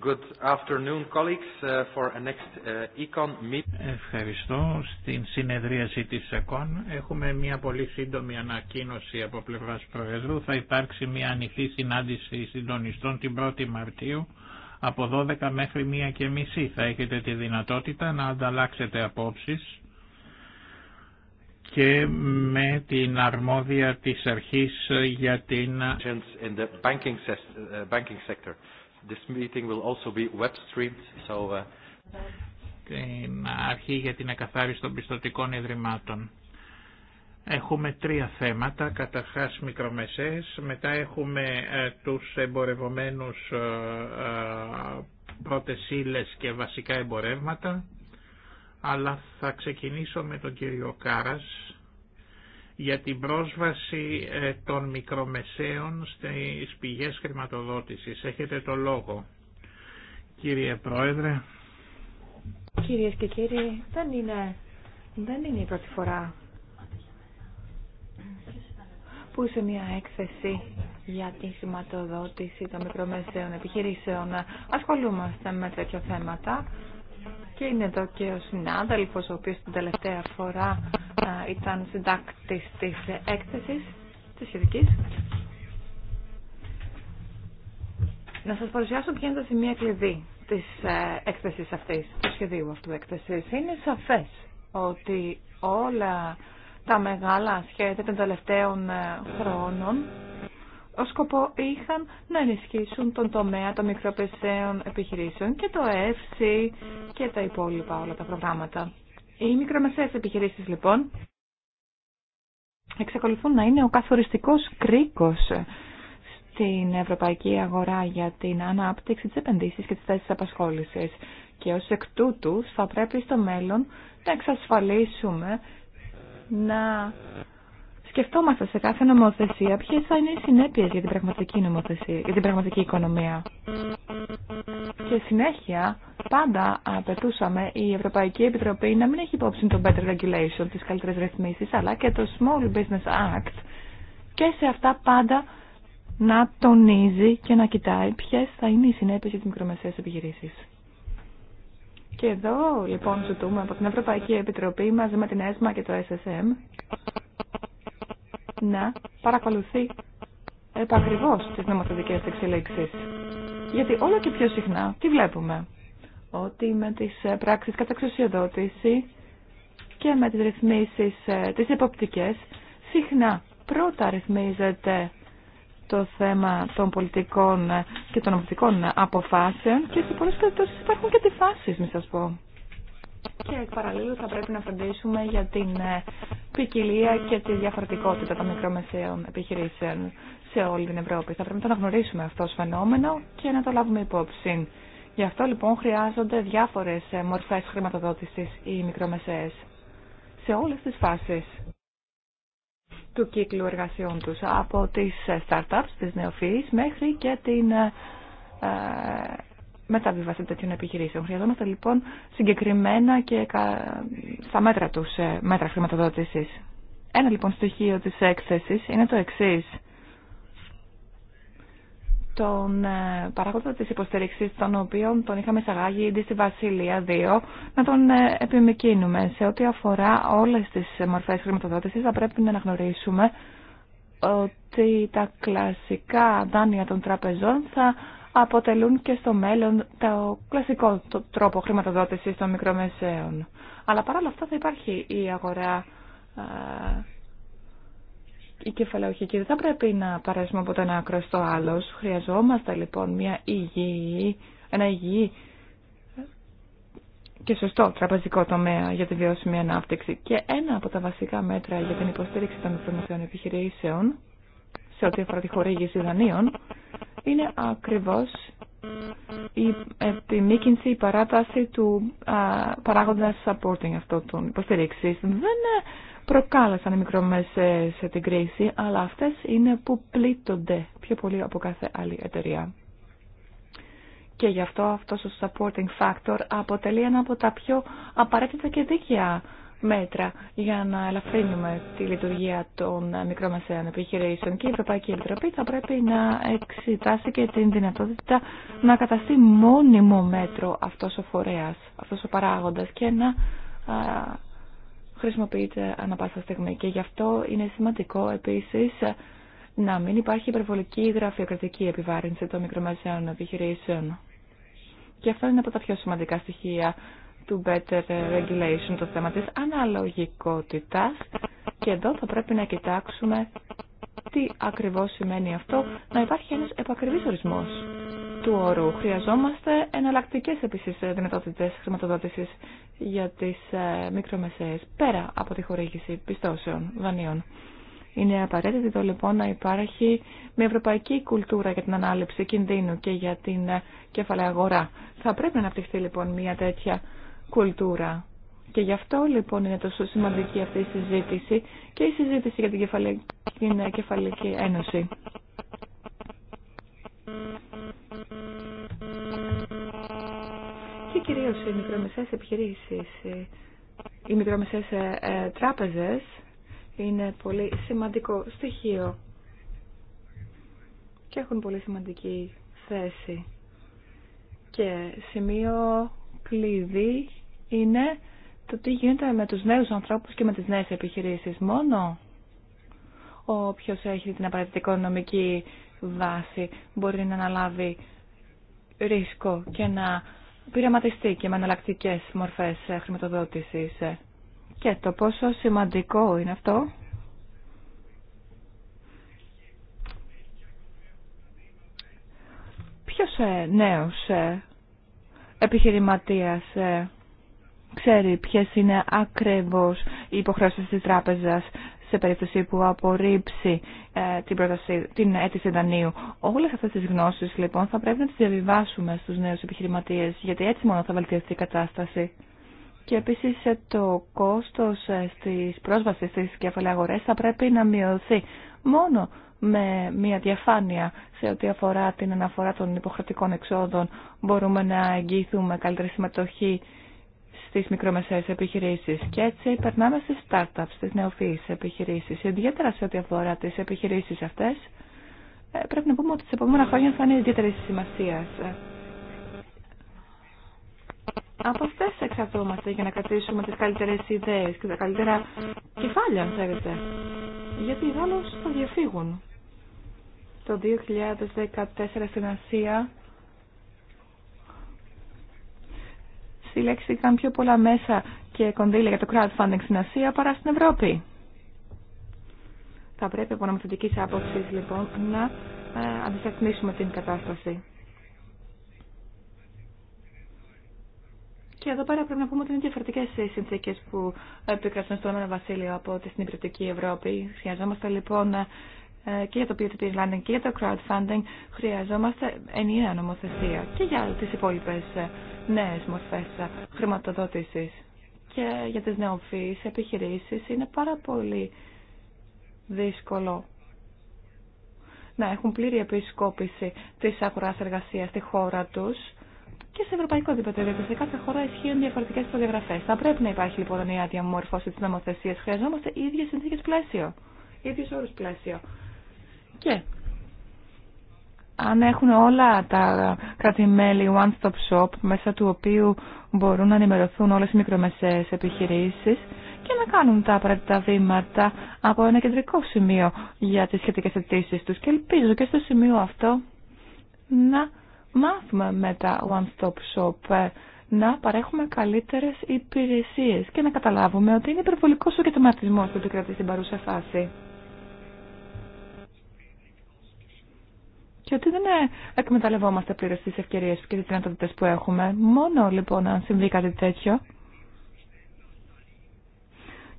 Good afternoon, colleagues, uh, for a next uh, Ευχαριστώ. Στην συνεδρίαση της ΕΚΟΝ έχουμε μια πολύ σύντομη ανακοίνωση από πλευράς Προεδρού. Θα υπάρξει μια ανοιχτή συνάντηση συντονιστών την 1η Μαρτίου από 12 μέχρι 1.30. και Θα έχετε τη δυνατότητα να ανταλλάξετε απόψεις και με την αρμόδια της αρχής για την... This meeting will also be uh, Την αρχή για την εκαθάριση των πιστοτικών ιδρυμάτων. Έχουμε τρία θέματα, καταρχάς μικρομεσαίες, μετά έχουμε ε, τους εμπορευομένους ε, ε, πρώτες ύλες και βασικά εμπορεύματα, αλλά θα ξεκινήσω με τον κύριο Κάρας, για την πρόσβαση ε, των μικρομεσαίων στις πηγές χρηματοδότησης. Έχετε το λόγο. Κύριε Πρόεδρε. Κυρίες και κύριοι, δεν είναι, δεν είναι η πρώτη φορά που σε μια έκθεση για τη χρηματοδότηση των μικρομεσαίων επιχειρήσεων ασχολούμαστε με τέτοια θέματα. Και είναι εδώ και ο συνάδελφος, ο οποίος την τελευταία φορά ήταν συντάκτης της έκθεσης της σχετικής. Να σας παρουσιάσω ποια είναι τα σημεία κλειδί της ε, έκθεσης αυτής, του σχεδίου αυτού έκθεσης. Είναι σαφές ότι όλα τα μεγάλα σχέδια των τελευταίων ε, χρόνων ο σκοπό είχαν να ενισχύσουν τον τομέα των μικροπεσαίων επιχειρήσεων και το Εύση και τα υπόλοιπα όλα τα προγράμματα. Οι μικρομεσαίες επιχειρήσεις λοιπόν εξακολουθούν να είναι ο καθοριστικός κρίκος στην ευρωπαϊκή αγορά για την ανάπτυξη της επενδύσεις και της θέσης απασχόλησης. Και ως εκ τούτου θα πρέπει στο μέλλον να εξασφαλίσουμε να σκεφτόμαστε σε κάθε νομοθεσία ποιε θα είναι οι συνέπειε για την πραγματική νομοθεσία, για πραγματική οικονομία. Και συνέχεια, πάντα απαιτούσαμε η Ευρωπαϊκή Επιτροπή να μην έχει υπόψη το Better Regulation, τι καλύτερε ρυθμίσει, αλλά και το Small Business Act και σε αυτά πάντα να τονίζει και να κοιτάει ποιε θα είναι οι συνέπειε για τι μικρομεσαίε επιχειρήσει. Και εδώ λοιπόν ζητούμε από την Ευρωπαϊκή Επιτροπή μαζί με την ΕΣΜΑ και το SSM να παρακολουθεί επακριβώς τις νομοθετικές εξελίξεις. Γιατί όλο και πιο συχνά τι βλέπουμε. Ότι με τις ε, πράξεις κατά και με τις ρυθμίσεις, ε, τις εποπτικές, συχνά πρώτα ρυθμίζεται το θέμα των πολιτικών ε, και των οπτικών αποφάσεων και σε πολλές περιπτώσεις υπάρχουν και αντιφάσεις, μη σας πω και εκ παραλλήλου θα πρέπει να φροντίσουμε για την ε, ποικιλία και τη διαφορετικότητα των μικρομεσαίων επιχειρήσεων σε όλη την Ευρώπη. Θα πρέπει να το αναγνωρίσουμε αυτό το φαινόμενο και να το λάβουμε υπόψη. Γι' αυτό λοιπόν χρειάζονται διάφορες ε, μορφές χρηματοδότησης οι μικρομεσαίες σε όλες τις φάσεις του κύκλου εργασιών τους, από τις ε, startups, τις νεοφυείς, μέχρι και την μεταβίβαση τέτοιων επιχειρήσεων. Χρειαζόμαστε λοιπόν συγκεκριμένα και στα μέτρα τους ε, μέτρα χρηματοδότηση. Ένα λοιπόν στοιχείο τη έκθεση είναι το εξή. Τον ε, παράγοντα της υποστήριξη, τον οποίο τον είχαμε εισαγάγει ήδη στη Βασίλεια 2 να τον ε, επιμηκύνουμε. Σε ό,τι αφορά όλε τι μορφέ χρηματοδότηση θα πρέπει να αναγνωρίσουμε ότι τα κλασικά δάνεια των τραπεζών θα αποτελούν και στο μέλλον το κλασικό τρόπο χρηματοδότησης των μικρομεσαίων. Αλλά παράλληλα αυτά θα υπάρχει η αγορά ε, η κεφαλαιοχική. Δεν θα πρέπει να παρέσουμε από το ένα άκρο στο άλλο. Χρειαζόμαστε λοιπόν μια υγιή, ένα υγιή και σωστό τραπεζικό τομέα για τη βιώσιμη ανάπτυξη. Και ένα από τα βασικά μέτρα για την υποστήριξη των μικρομεσαίων επιχειρήσεων σε ό,τι αφορά τη χορήγηση δανείων είναι ακριβώς η επιμήκυνση, η παράταση του παράγοντα supporting αυτό των υποστηρίξη. Δεν προκάλεσαν οι σε την κρίση, αλλά αυτές είναι που πλήττονται πιο πολύ από κάθε άλλη εταιρεία. Και γι' αυτό αυτός ο supporting factor αποτελεί ένα από τα πιο απαραίτητα και δίκαια μέτρα για να ελαφρύνουμε τη λειτουργία των μικρομεσαίων επιχειρήσεων και η Ευρωπαϊκή Επιτροπή θα πρέπει να εξετάσει και την δυνατότητα να καταστεί μόνιμο μέτρο αυτό ο φορέας, αυτός ο παράγοντας και να χρησιμοποιείται ανα πάσα στιγμή. Και γι' αυτό είναι σημαντικό επίσης να μην υπάρχει υπερβολική γραφειοκρατική επιβάρυνση των μικρομεσαίων επιχειρήσεων. Και αυτό είναι από τα πιο σημαντικά στοιχεία του Better Regulation, το θέμα της αναλογικότητας και εδώ θα πρέπει να κοιτάξουμε τι ακριβώς σημαίνει αυτό, να υπάρχει ένας επακριβής ορισμός του όρου. Χρειαζόμαστε εναλλακτικέ επίσης δυνατότητες χρηματοδότησης για τις ε, μικρομεσαίες, πέρα από τη χορήγηση πιστώσεων δανείων. Είναι απαραίτητο λοιπόν να υπάρχει μια ευρωπαϊκή κουλτούρα για την ανάληψη κινδύνου και για την ε, κεφαλαία αγορά. Θα πρέπει να αναπτυχθεί λοιπόν μια τέτοια κουλτούρα. Και γι' αυτό λοιπόν είναι τόσο σημαντική αυτή η συζήτηση και η συζήτηση για την Κεφαλική, την κεφαλική Ένωση. Και κυρίως οι μικρομεσαίες επιχειρήσεις, οι μικρομεσαίες ε, ε, τράπεζες είναι πολύ σημαντικό στοιχείο και έχουν πολύ σημαντική θέση. Και σημείο κλειδί είναι το τι γίνεται με τους νέους ανθρώπους και με τις νέες επιχειρήσεις. Μόνο όποιος έχει την απαραίτητη οικονομική βάση μπορεί να αναλάβει ρίσκο και να πειραματιστεί και με εναλλακτικέ μορφές χρηματοδότησης. Και το πόσο σημαντικό είναι αυτό ποιος ε, νέος ε, επιχειρηματίας ε, ξέρει ποιες είναι ακριβώς οι υποχρεώσεις της τράπεζας σε περίπτωση που απορρίψει ε, την, πρόταση, την αίτηση δανείου. Όλες αυτές τις γνώσεις λοιπόν θα πρέπει να τις διαβιβάσουμε στους νέους επιχειρηματίες γιατί έτσι μόνο θα βελτιωθεί η κατάσταση. Και επίσης ε, το κόστος της πρόσβασης στις κεφαλαίες αγορές θα πρέπει να μειωθεί μόνο με μια διαφάνεια σε ό,τι αφορά την αναφορά των υποχρεωτικών εξόδων μπορούμε να εγγυηθούμε καλύτερη συμμετοχή στις μικρομεσαίες επιχειρήσεις και έτσι περνάμε στις startups, στις νεοφύης επιχειρήσεις. Ιδιαίτερα σε ό,τι αφορά τις επιχειρήσεις αυτές ε, πρέπει να πούμε ότι τις επόμενα χρόνια θα είναι ιδιαίτερη σημασία. Από αυτέ εξαρτώμαστε για να κρατήσουμε τι καλύτερε ιδέε και τα καλύτερα κεφάλια, αν θέλετε. Γιατί οι Γάλλοι θα διαφύγουν το 2014 στην Ασία συλλέξηκαν πιο πολλά μέσα και κονδύλια για το crowdfunding στην Ασία παρά στην Ευρώπη. Θα πρέπει από νομοθετική άποψη λοιπόν να ε, αντισταθμίσουμε την κατάσταση. Και εδώ πέρα πρέπει να πούμε ότι είναι διαφορετικέ οι συνθήκε που επικρατούν στο Ηνωμένο Βασίλειο από την υπηρετική Ευρώπη. Χρειαζόμαστε λοιπόν ε, και για το P2P και για το crowdfunding χρειαζόμαστε ενιαία νομοθεσία και για τις υπόλοιπες ε, νέες μορφές ε, χρηματοδότησης και για τις νεοφύης επιχειρήσεις είναι πάρα πολύ δύσκολο να έχουν πλήρη επισκόπηση της αγοράς εργασίας στη χώρα τους και σε ευρωπαϊκό επίπεδο, γιατί σε κάθε χώρα ισχύουν διαφορετικέ προδιαγραφέ. Θα πρέπει να υπάρχει λοιπόν η διαμόρφωση τη νομοθεσία. Χρειαζόμαστε ίδιε συνθήκε πλαίσιο, ίδιου όρου πλαίσιο. Και αν έχουν όλα τα κρατημέλη One Stop Shop μέσα του οποίου μπορούν να ενημερωθούν όλες οι μικρομεσαίες επιχειρήσεις και να κάνουν τα απαραίτητα βήματα από ένα κεντρικό σημείο για τις σχετικές αιτήσει τους. Και ελπίζω και στο σημείο αυτό να μάθουμε με τα One Stop Shop ε, να παρέχουμε καλύτερες υπηρεσίες και να καταλάβουμε ότι είναι υπερβολικός ο κετοματισμός που επικρατεί στην παρούσα φάση. και ότι δεν ε, εκμεταλλευόμαστε πλήρω τι ευκαιρίε και τι δυνατότητε που έχουμε. Μόνο λοιπόν αν συμβεί κάτι τέτοιο.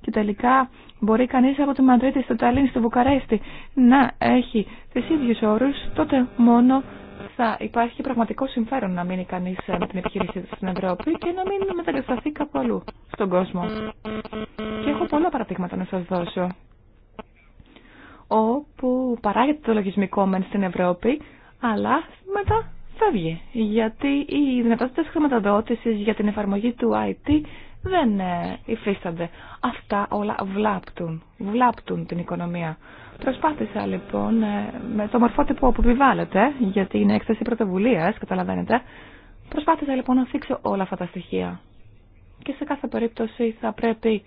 Και τελικά μπορεί κανεί από τη Μαντρίτη στο Ταλίν, στο Βουκαρέστι να έχει τι ίδιου όρου, τότε μόνο θα υπάρχει πραγματικό συμφέρον να μείνει κανεί με την επιχείρηση στην Ευρώπη και να μην μετακατασταθεί κάπου αλλού στον κόσμο. Και έχω πολλά παραδείγματα να σα δώσω όπου παράγεται το λογισμικό μεν στην Ευρώπη, αλλά μετά φεύγει. Γιατί οι δυνατότητε χρηματοδότηση για την εφαρμογή του IT δεν ε, υφίστανται. Αυτά όλα βλάπτουν, βλάπτουν την οικονομία. Προσπάθησα λοιπόν ε, με το μορφότυπο που επιβάλλεται, γιατί είναι έκθεση πρωτοβουλία, καταλαβαίνετε. Προσπάθησα λοιπόν να θίξω όλα αυτά τα στοιχεία. Και σε κάθε περίπτωση θα πρέπει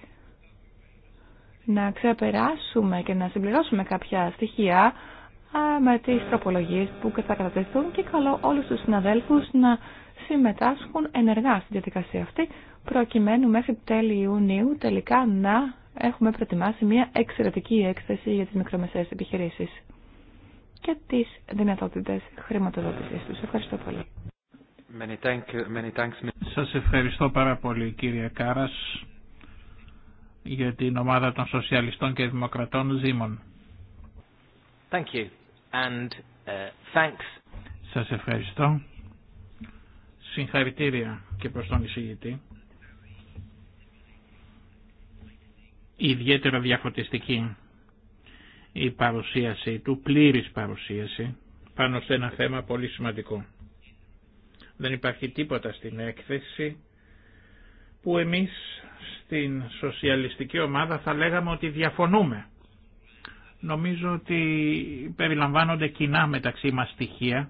να ξεπεράσουμε και να συμπληρώσουμε κάποια στοιχεία με τις τροπολογίες που θα κατατεθούν και καλώ όλους τους συναδέλφους να συμμετάσχουν ενεργά στη διαδικασία αυτή προκειμένου μέχρι τέλη Ιουνίου τελικά να έχουμε προετοιμάσει μια εξαιρετική έκθεση για τις μικρομεσαίες επιχειρήσεις και τις δυνατότητες χρηματοδότησης τους. Ευχαριστώ πολύ. Σα ευχαριστώ πάρα πολύ κύριε Κάρας για την ομάδα των Σοσιαλιστών και Δημοκρατών Ζήμων. Thank you. And, uh, Σας ευχαριστώ. Συγχαρητήρια και προς τον εισηγητή. Ιδιαίτερα διαφωτιστική η παρουσίαση του, πλήρης παρουσίαση, πάνω σε ένα θέμα πολύ σημαντικό. Δεν υπάρχει τίποτα στην έκθεση που εμείς στην σοσιαλιστική ομάδα θα λέγαμε ότι διαφωνούμε. Νομίζω ότι περιλαμβάνονται κοινά μεταξύ μας στοιχεία,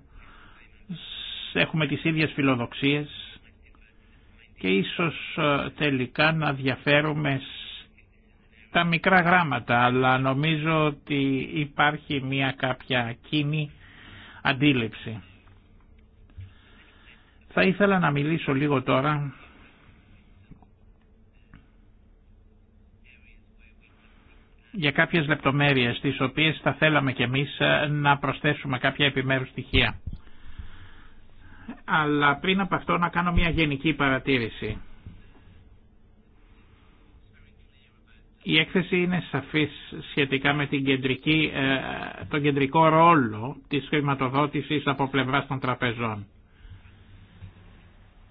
έχουμε τις ίδιες φιλοδοξίες και ίσως ε, τελικά να διαφέρουμε τα μικρά γράμματα, αλλά νομίζω ότι υπάρχει μια κάποια κίνη αντίληψη. Θα ήθελα να μιλήσω λίγο τώρα για κάποιες λεπτομέρειες τις οποίες θα θέλαμε κι εμείς ε, να προσθέσουμε κάποια επιμέρους στοιχεία. Αλλά πριν από αυτό να κάνω μια γενική παρατήρηση. Η έκθεση είναι σαφής σχετικά με την κεντρική, ε, τον κεντρικό ρόλο της χρηματοδότησης από πλευράς των τραπεζών.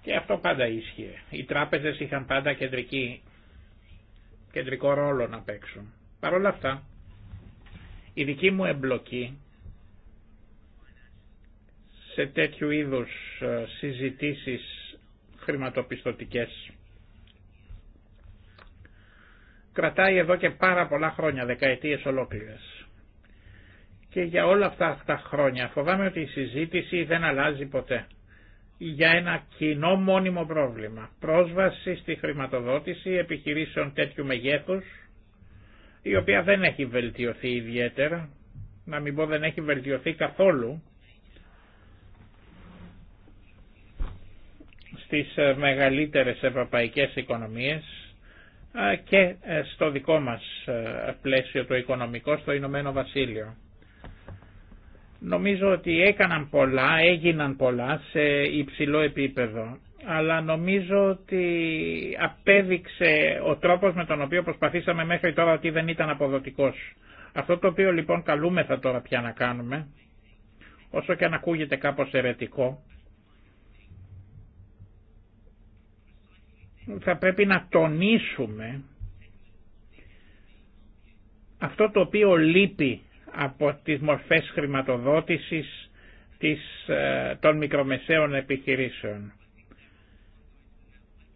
Και αυτό πάντα ίσχυε. Οι τράπεζες είχαν πάντα κεντρική, κεντρικό ρόλο να παίξουν. Παρ' όλα αυτά, η δική μου εμπλοκή σε τέτοιου είδους ε, συζητήσεις χρηματοπιστωτικές κρατάει εδώ και πάρα πολλά χρόνια, δεκαετίες ολόκληρες. Και για όλα αυτά τα χρόνια φοβάμαι ότι η συζήτηση δεν αλλάζει ποτέ. Για ένα κοινό μόνιμο πρόβλημα. Πρόσβαση στη χρηματοδότηση επιχειρήσεων τέτοιου μεγέθους η οποία δεν έχει βελτιωθεί ιδιαίτερα, να μην πω δεν έχει βελτιωθεί καθόλου στις ε, μεγαλύτερες ευρωπαϊκές οικονομίες ε, και ε, στο δικό μας πλαίσιο το οικονομικό στο Ηνωμένο Βασίλειο. Νομίζω ότι έκαναν πολλά, έγιναν πολλά σε υψηλό επίπεδο αλλά νομίζω ότι απέδειξε ο τρόπος με τον οποίο προσπαθήσαμε μέχρι τώρα ότι δεν ήταν αποδοτικός. Αυτό το οποίο λοιπόν καλούμεθα τώρα πια να κάνουμε, όσο και αν ακούγεται κάπως ερετικό, θα πρέπει να τονίσουμε αυτό το οποίο λείπει από τις μορφές χρηματοδότησης ε, των μικρομεσαίων επιχειρήσεων.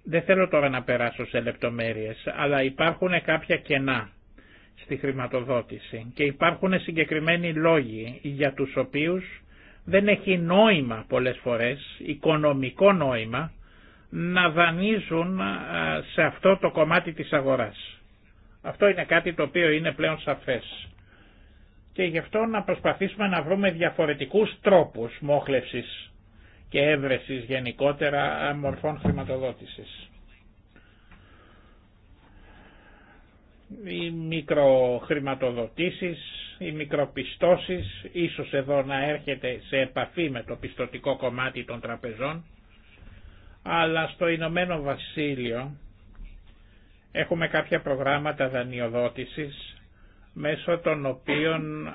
Δεν θέλω τώρα να περάσω σε λεπτομέρειες, αλλά υπάρχουν κάποια κενά στη χρηματοδότηση και υπάρχουν συγκεκριμένοι λόγοι για τους οποίους δεν έχει νόημα πολλές φορές, οικονομικό νόημα, να δανείζουν σε αυτό το κομμάτι της αγοράς. Αυτό είναι κάτι το οποίο είναι πλέον σαφές. Και γι' αυτό να προσπαθήσουμε να βρούμε διαφορετικούς τρόπους μόχλευσης και έβρεσης γενικότερα μορφών χρηματοδότησης. Οι μικροχρηματοδοτήσεις, οι μικροπιστώσεις, ίσως εδώ να έρχεται σε επαφή με το πιστοτικό κομμάτι των τραπεζών, αλλά στο Ηνωμένο Βασίλειο έχουμε κάποια προγράμματα δανειοδότησης μέσω των οποίων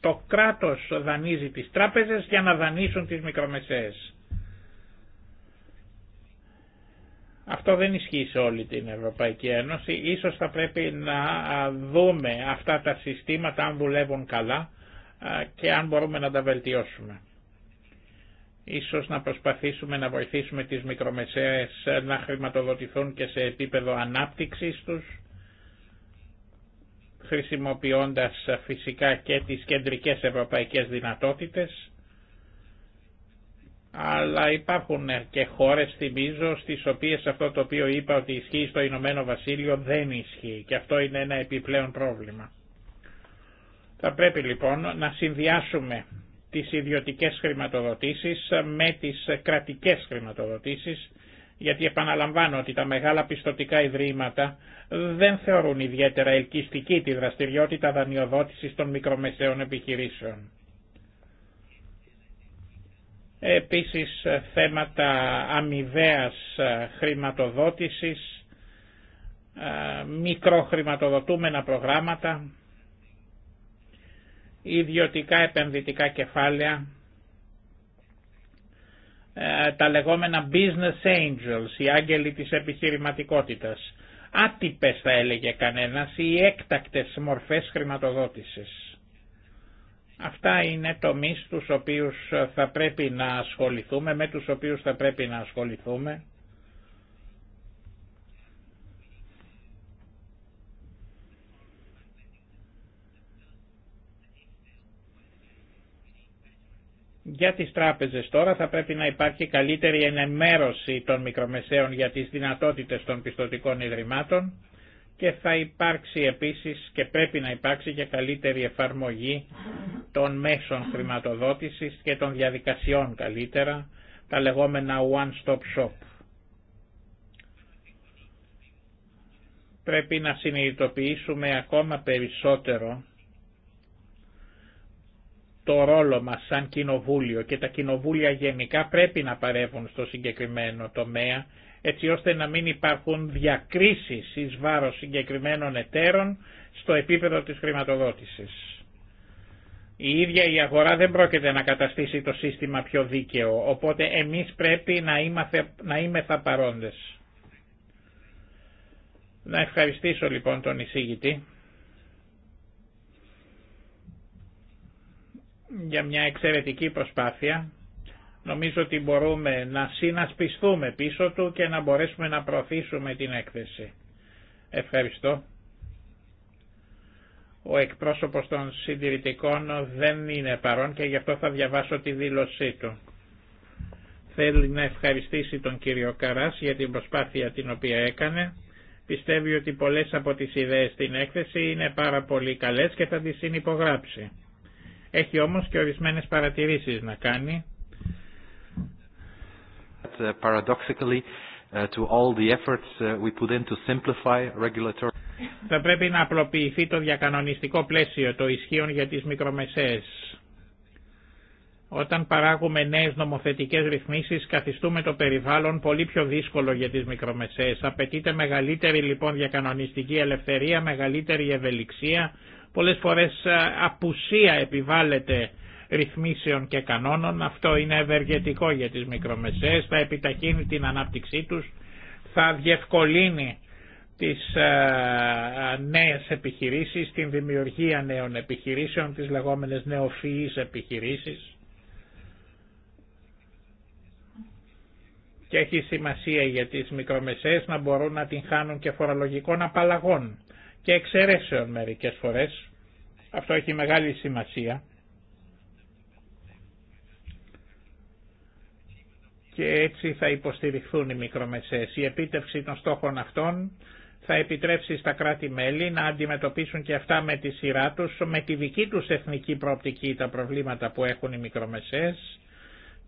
το κράτος δανείζει τις τράπεζες για να δανείσουν τις μικρομεσαίες. Αυτό δεν ισχύει σε όλη την Ευρωπαϊκή Ένωση. Ίσως θα πρέπει να δούμε αυτά τα συστήματα αν δουλεύουν καλά και αν μπορούμε να τα βελτιώσουμε. Ίσως να προσπαθήσουμε να βοηθήσουμε τις μικρομεσαίες να χρηματοδοτηθούν και σε επίπεδο ανάπτυξης τους χρησιμοποιώντας φυσικά και τις κεντρικές ευρωπαϊκές δυνατότητες, αλλά υπάρχουν και χώρες, θυμίζω, στις οποίες αυτό το οποίο είπα ότι ισχύει στο Ηνωμένο Βασίλειο δεν ισχύει και αυτό είναι ένα επιπλέον πρόβλημα. Θα πρέπει λοιπόν να συνδυάσουμε τις ιδιωτικές χρηματοδοτήσεις με τις κρατικές χρηματοδοτήσεις γιατί επαναλαμβάνω ότι τα μεγάλα πιστοτικά ιδρύματα δεν θεωρούν ιδιαίτερα ελκυστική τη δραστηριότητα δανειοδότησης των μικρομεσαίων επιχειρήσεων. Επίσης θέματα αμοιβαίας χρηματοδότησης, μικροχρηματοδοτούμενα προγράμματα, ιδιωτικά επενδυτικά κεφάλαια, ε, τα λεγόμενα business angels, οι άγγελοι της επιχειρηματικότητας. Άτυπες θα έλεγε κανένας ή έκτακτες μορφές χρηματοδότησης. Αυτά είναι τομείς τους οποίους θα πρέπει να ασχοληθούμε, με τους οποίους θα πρέπει να ασχοληθούμε Για τις τράπεζες τώρα θα πρέπει να υπάρχει καλύτερη ενημέρωση των μικρομεσαίων για τις δυνατότητες των πιστοτικών ιδρυμάτων και θα υπάρξει επίσης και πρέπει να υπάρξει και καλύτερη εφαρμογή των μέσων χρηματοδότησης και των διαδικασιών καλύτερα, τα λεγόμενα one-stop shop. Πρέπει να συνειδητοποιήσουμε ακόμα περισσότερο το ρόλο μας σαν κοινοβούλιο και τα κοινοβούλια γενικά πρέπει να παρεύουν στο συγκεκριμένο τομέα έτσι ώστε να μην υπάρχουν διακρίσεις εις βάρος συγκεκριμένων εταίρων στο επίπεδο της χρηματοδότησης. Η ίδια η αγορά δεν πρόκειται να καταστήσει το σύστημα πιο δίκαιο, οπότε εμείς πρέπει να, είμαθε, να παρόντες. Να ευχαριστήσω λοιπόν τον εισήγητη. για μια εξαιρετική προσπάθεια. Νομίζω ότι μπορούμε να συνασπιστούμε πίσω του και να μπορέσουμε να προωθήσουμε την έκθεση. Ευχαριστώ. Ο εκπρόσωπος των συντηρητικών δεν είναι παρόν και γι' αυτό θα διαβάσω τη δήλωσή του. Θέλει να ευχαριστήσει τον κύριο Καράς για την προσπάθεια την οποία έκανε. Πιστεύει ότι πολλές από τις ιδέες στην έκθεση είναι πάρα πολύ καλές και θα τις συνυπογράψει. Έχει όμως και ορισμένες παρατηρήσεις να κάνει. Uh, paradoxically, uh, to all the efforts uh, we put in simplify regulatory... Θα πρέπει να απλοποιηθεί το διακανονιστικό πλαίσιο το ισχύων για τις μικρομεσαίες. Όταν παράγουμε νέες νομοθετικές ρυθμίσεις καθιστούμε το περιβάλλον πολύ πιο δύσκολο για τις μικρομεσαίες. Απαιτείται μεγαλύτερη λοιπόν διακανονιστική ελευθερία, μεγαλύτερη ευελιξία, Πολλές φορές ε, απουσία επιβάλλεται ρυθμίσεων και κανόνων. Αυτό είναι ευεργετικό για τις μικρομεσαίες, θα επιταχύνει την ανάπτυξή τους, θα διευκολύνει τις ε, νέες επιχειρήσεις, την δημιουργία νέων επιχειρήσεων, τις λεγόμενες νεοφυείς επιχειρήσεις. Και έχει σημασία για τις μικρομεσαίες να μπορούν να την χάνουν και φορολογικών απαλλαγών και εξαιρέσεων μερικές φορές. Αυτό έχει μεγάλη σημασία. Και έτσι θα υποστηριχθούν οι μικρομεσαίες. Η επίτευξη των στόχων αυτών θα επιτρέψει στα κράτη-μέλη να αντιμετωπίσουν και αυτά με τη σειρά τους, με τη δική τους εθνική προοπτική τα προβλήματα που έχουν οι μικρομεσαίες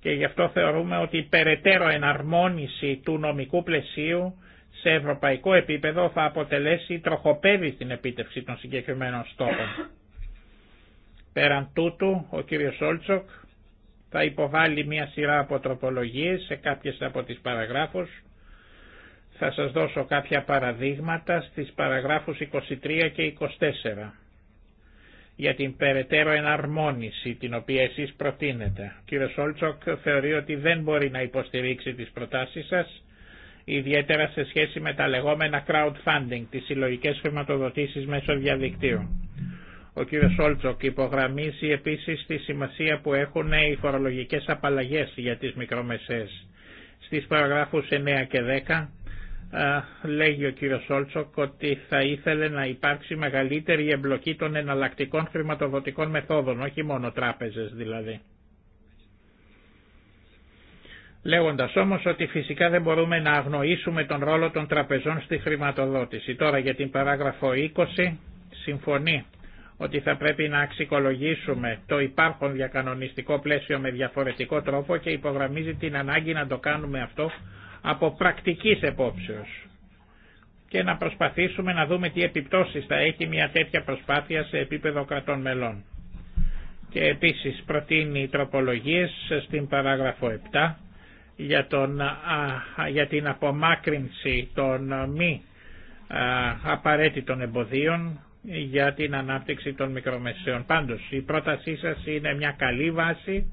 και γι' αυτό θεωρούμε ότι η περαιτέρω εναρμόνιση του νομικού πλαισίου σε ευρωπαϊκό επίπεδο θα αποτελέσει τροχοπέδι στην επίτευξη των συγκεκριμένων στόχων. Πέραν τούτου, ο κύριος Σόλτσοκ θα υποβάλει μια σειρά από τροπολογίες σε κάποιες από τις παραγράφους. Θα σας δώσω κάποια παραδείγματα στις παραγράφους 23 και 24 για την περαιτέρω εναρμόνιση την οποία εσείς προτείνετε. Ο κύριος Σόλτσοκ θεωρεί ότι δεν μπορεί να υποστηρίξει τις προτάσεις σας ιδιαίτερα σε σχέση με τα λεγόμενα crowdfunding, τις συλλογικές χρηματοδοτήσεις μέσω διαδικτύου. Ο κ. Σόλτσοκ υπογραμμίζει επίσης τη σημασία που έχουν οι φορολογικές απαλλαγές για τις μικρομεσαίες. Στις παραγράφους 9 και 10 λέγει ο κ. Σόλτσοκ ότι θα ήθελε να υπάρξει μεγαλύτερη εμπλοκή των εναλλακτικών χρηματοδοτικών μεθόδων, όχι μόνο τράπεζες δηλαδή λέγοντας όμως ότι φυσικά δεν μπορούμε να αγνοήσουμε τον ρόλο των τραπεζών στη χρηματοδότηση. Τώρα για την παράγραφο 20 συμφωνεί ότι θα πρέπει να αξικολογήσουμε το υπάρχον διακανονιστικό πλαίσιο με διαφορετικό τρόπο και υπογραμμίζει την ανάγκη να το κάνουμε αυτό από πρακτικής επόψεως και να προσπαθήσουμε να δούμε τι επιπτώσεις θα έχει μια τέτοια προσπάθεια σε επίπεδο κρατών μελών. Και επίσης προτείνει τροπολογίες στην παράγραφο 7 για, τον, για την απομάκρυνση των μη απαραίτητων εμποδίων για την ανάπτυξη των μικρομεσαίων. Πάντως η πρότασή σας είναι μια καλή βάση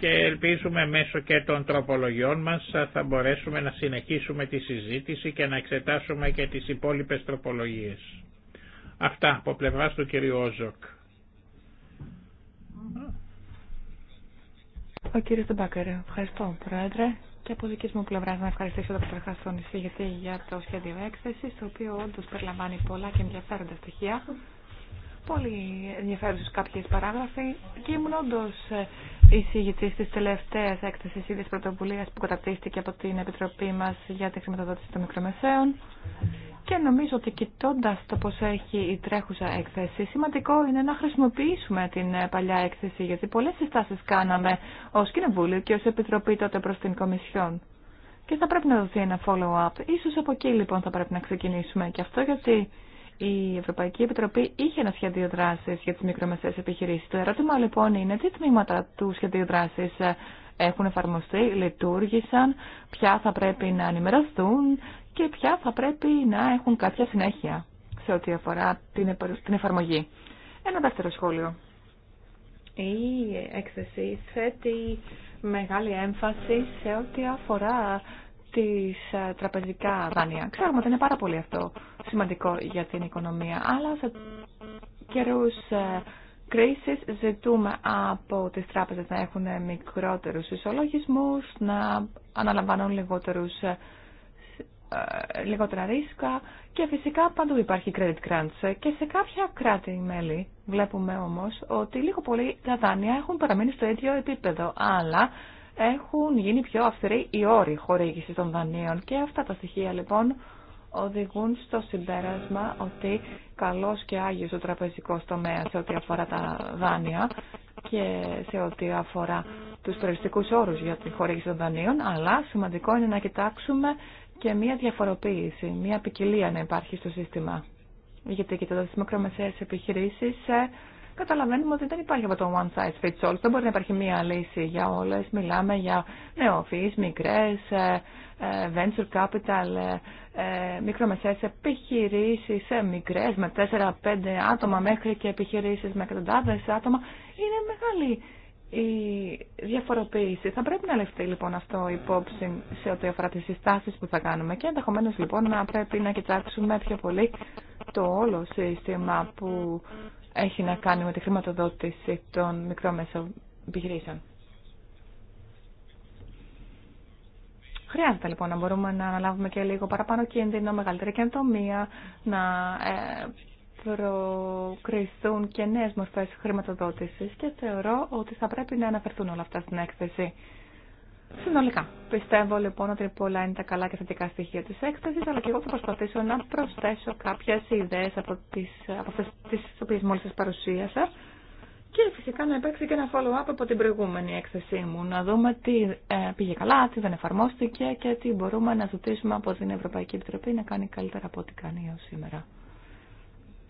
και ελπίζουμε μέσω και των τροπολογιών μας θα μπορέσουμε να συνεχίσουμε τη συζήτηση και να εξετάσουμε και τις υπόλοιπες τροπολογίες. Αυτά από πλευράς του κυρίου Όζοκ. Ο κύριο Τεμπάκερ, ευχαριστώ Πρόεδρε. Και από δική μου πλευρά να ευχαριστήσω καταρχά τον εισηγητή για το σχέδιο έκθεση, το οποίο όντω περιλαμβάνει πολλά και ενδιαφέροντα στοιχεία. Πολύ ενδιαφέρουσε κάποιε παράγραφοι και ήμουν όντω ε, εισηγητή τη τελευταία έκθεση ίδια πρωτοβουλία που καταπτύχθηκε από την Επιτροπή μα για τη χρηματοδότηση των μικρομεσαίων. Και νομίζω ότι κοιτώντα το πώ έχει η τρέχουσα έκθεση, σημαντικό είναι να χρησιμοποιήσουμε την ε, παλιά έκθεση, γιατί πολλέ συστάσει κάναμε ω Κοινοβούλιο και ω Επιτροπή τότε προ την Κομισιόν. Και θα πρέπει να δοθεί ένα follow-up. Ίσως από εκεί λοιπόν θα πρέπει να ξεκινήσουμε. Και αυτό γιατί η Ευρωπαϊκή Επιτροπή είχε ένα σχέδιο δράση για τι μικρομεσαίε επιχειρήσει. Το ερώτημα λοιπόν είναι τι τμήματα του σχεδίου δράση ε, έχουν εφαρμοστεί, λειτουργήσαν, ποια θα πρέπει να ενημερωθούν, και ποια θα πρέπει να έχουν κάποια συνέχεια σε ό,τι αφορά την εφαρμογή. Ένα δεύτερο σχόλιο. Η έκθεση θέτει μεγάλη έμφαση σε ό,τι αφορά τις ε, τραπεζικά δάνεια. Ξέρουμε ότι είναι πάρα πολύ αυτό σημαντικό για την οικονομία, αλλά σε καιρούς ε, κρίσης ζητούμε από τις τράπεζες να έχουν μικρότερους ισολογισμούς, να αναλαμβάνουν λιγότερους ε, ε, λιγότερα ρίσκα και φυσικά παντού υπάρχει credit crunch. Και σε κάποια κράτη-μέλη βλέπουμε όμως ότι λίγο πολύ τα δάνεια έχουν παραμείνει στο ίδιο επίπεδο, αλλά έχουν γίνει πιο αυστηροί οι όροι χορήγηση των δανείων. Και αυτά τα στοιχεία λοιπόν οδηγούν στο συμπέρασμα ότι καλός και άγιος ο τραπεζικός τομέας σε ό,τι αφορά τα δάνεια και σε ό,τι αφορά τους περιοριστικούς όρους για τη χορήγηση των δανείων, αλλά σημαντικό είναι να κοιτάξουμε και μία διαφοροποίηση, μία ποικιλία να υπάρχει στο σύστημα. Γιατί και τι μικρομεσαίε επιχειρήσει, ε, καταλαβαίνουμε ότι δεν υπάρχει από το one size fits all. Δεν μπορεί να υπάρχει μία λύση για όλε. Μιλάμε για νεοφυεί, μικρέ, ε, ε, venture capital, μικρομεσαίε επιχειρήσει, μικρέ με 4-5 άτομα μέχρι και επιχειρήσει με εκατοντάδε άτομα. Είναι μεγάλη η διαφοροποίηση. Θα πρέπει να λεφτεί λοιπόν αυτό υπόψη σε ό,τι αφορά τι συστάσει που θα κάνουμε και ενδεχομένω λοιπόν να πρέπει να κοιτάξουμε πιο πολύ το όλο σύστημα που έχει να κάνει με τη χρηματοδότηση των μικρών μέσων επιχειρήσεων. Χρειάζεται λοιπόν να μπορούμε να αναλάβουμε και λίγο παραπάνω κίνδυνο, μεγαλύτερη καινοτομία, να ε, προκριθούν και νέε μορφέ χρηματοδότηση και θεωρώ ότι θα πρέπει να αναφερθούν όλα αυτά στην έκθεση. Συνολικά. Πιστεύω λοιπόν ότι πολλά είναι τα καλά και θετικά στοιχεία τη έκθεση, αλλά και εγώ θα προσπαθήσω να προσθέσω κάποιε ιδέε από, τις, από αυτές τις οποίες μόλις σας παρουσίασα και φυσικά να υπάρξει και ένα follow-up από την προηγούμενη έκθεσή μου, να δούμε τι ε, πήγε καλά, τι δεν εφαρμόστηκε και τι μπορούμε να ζητήσουμε από την Ευρωπαϊκή Επιτροπή να κάνει καλύτερα από ό,τι κάνει έως σήμερα.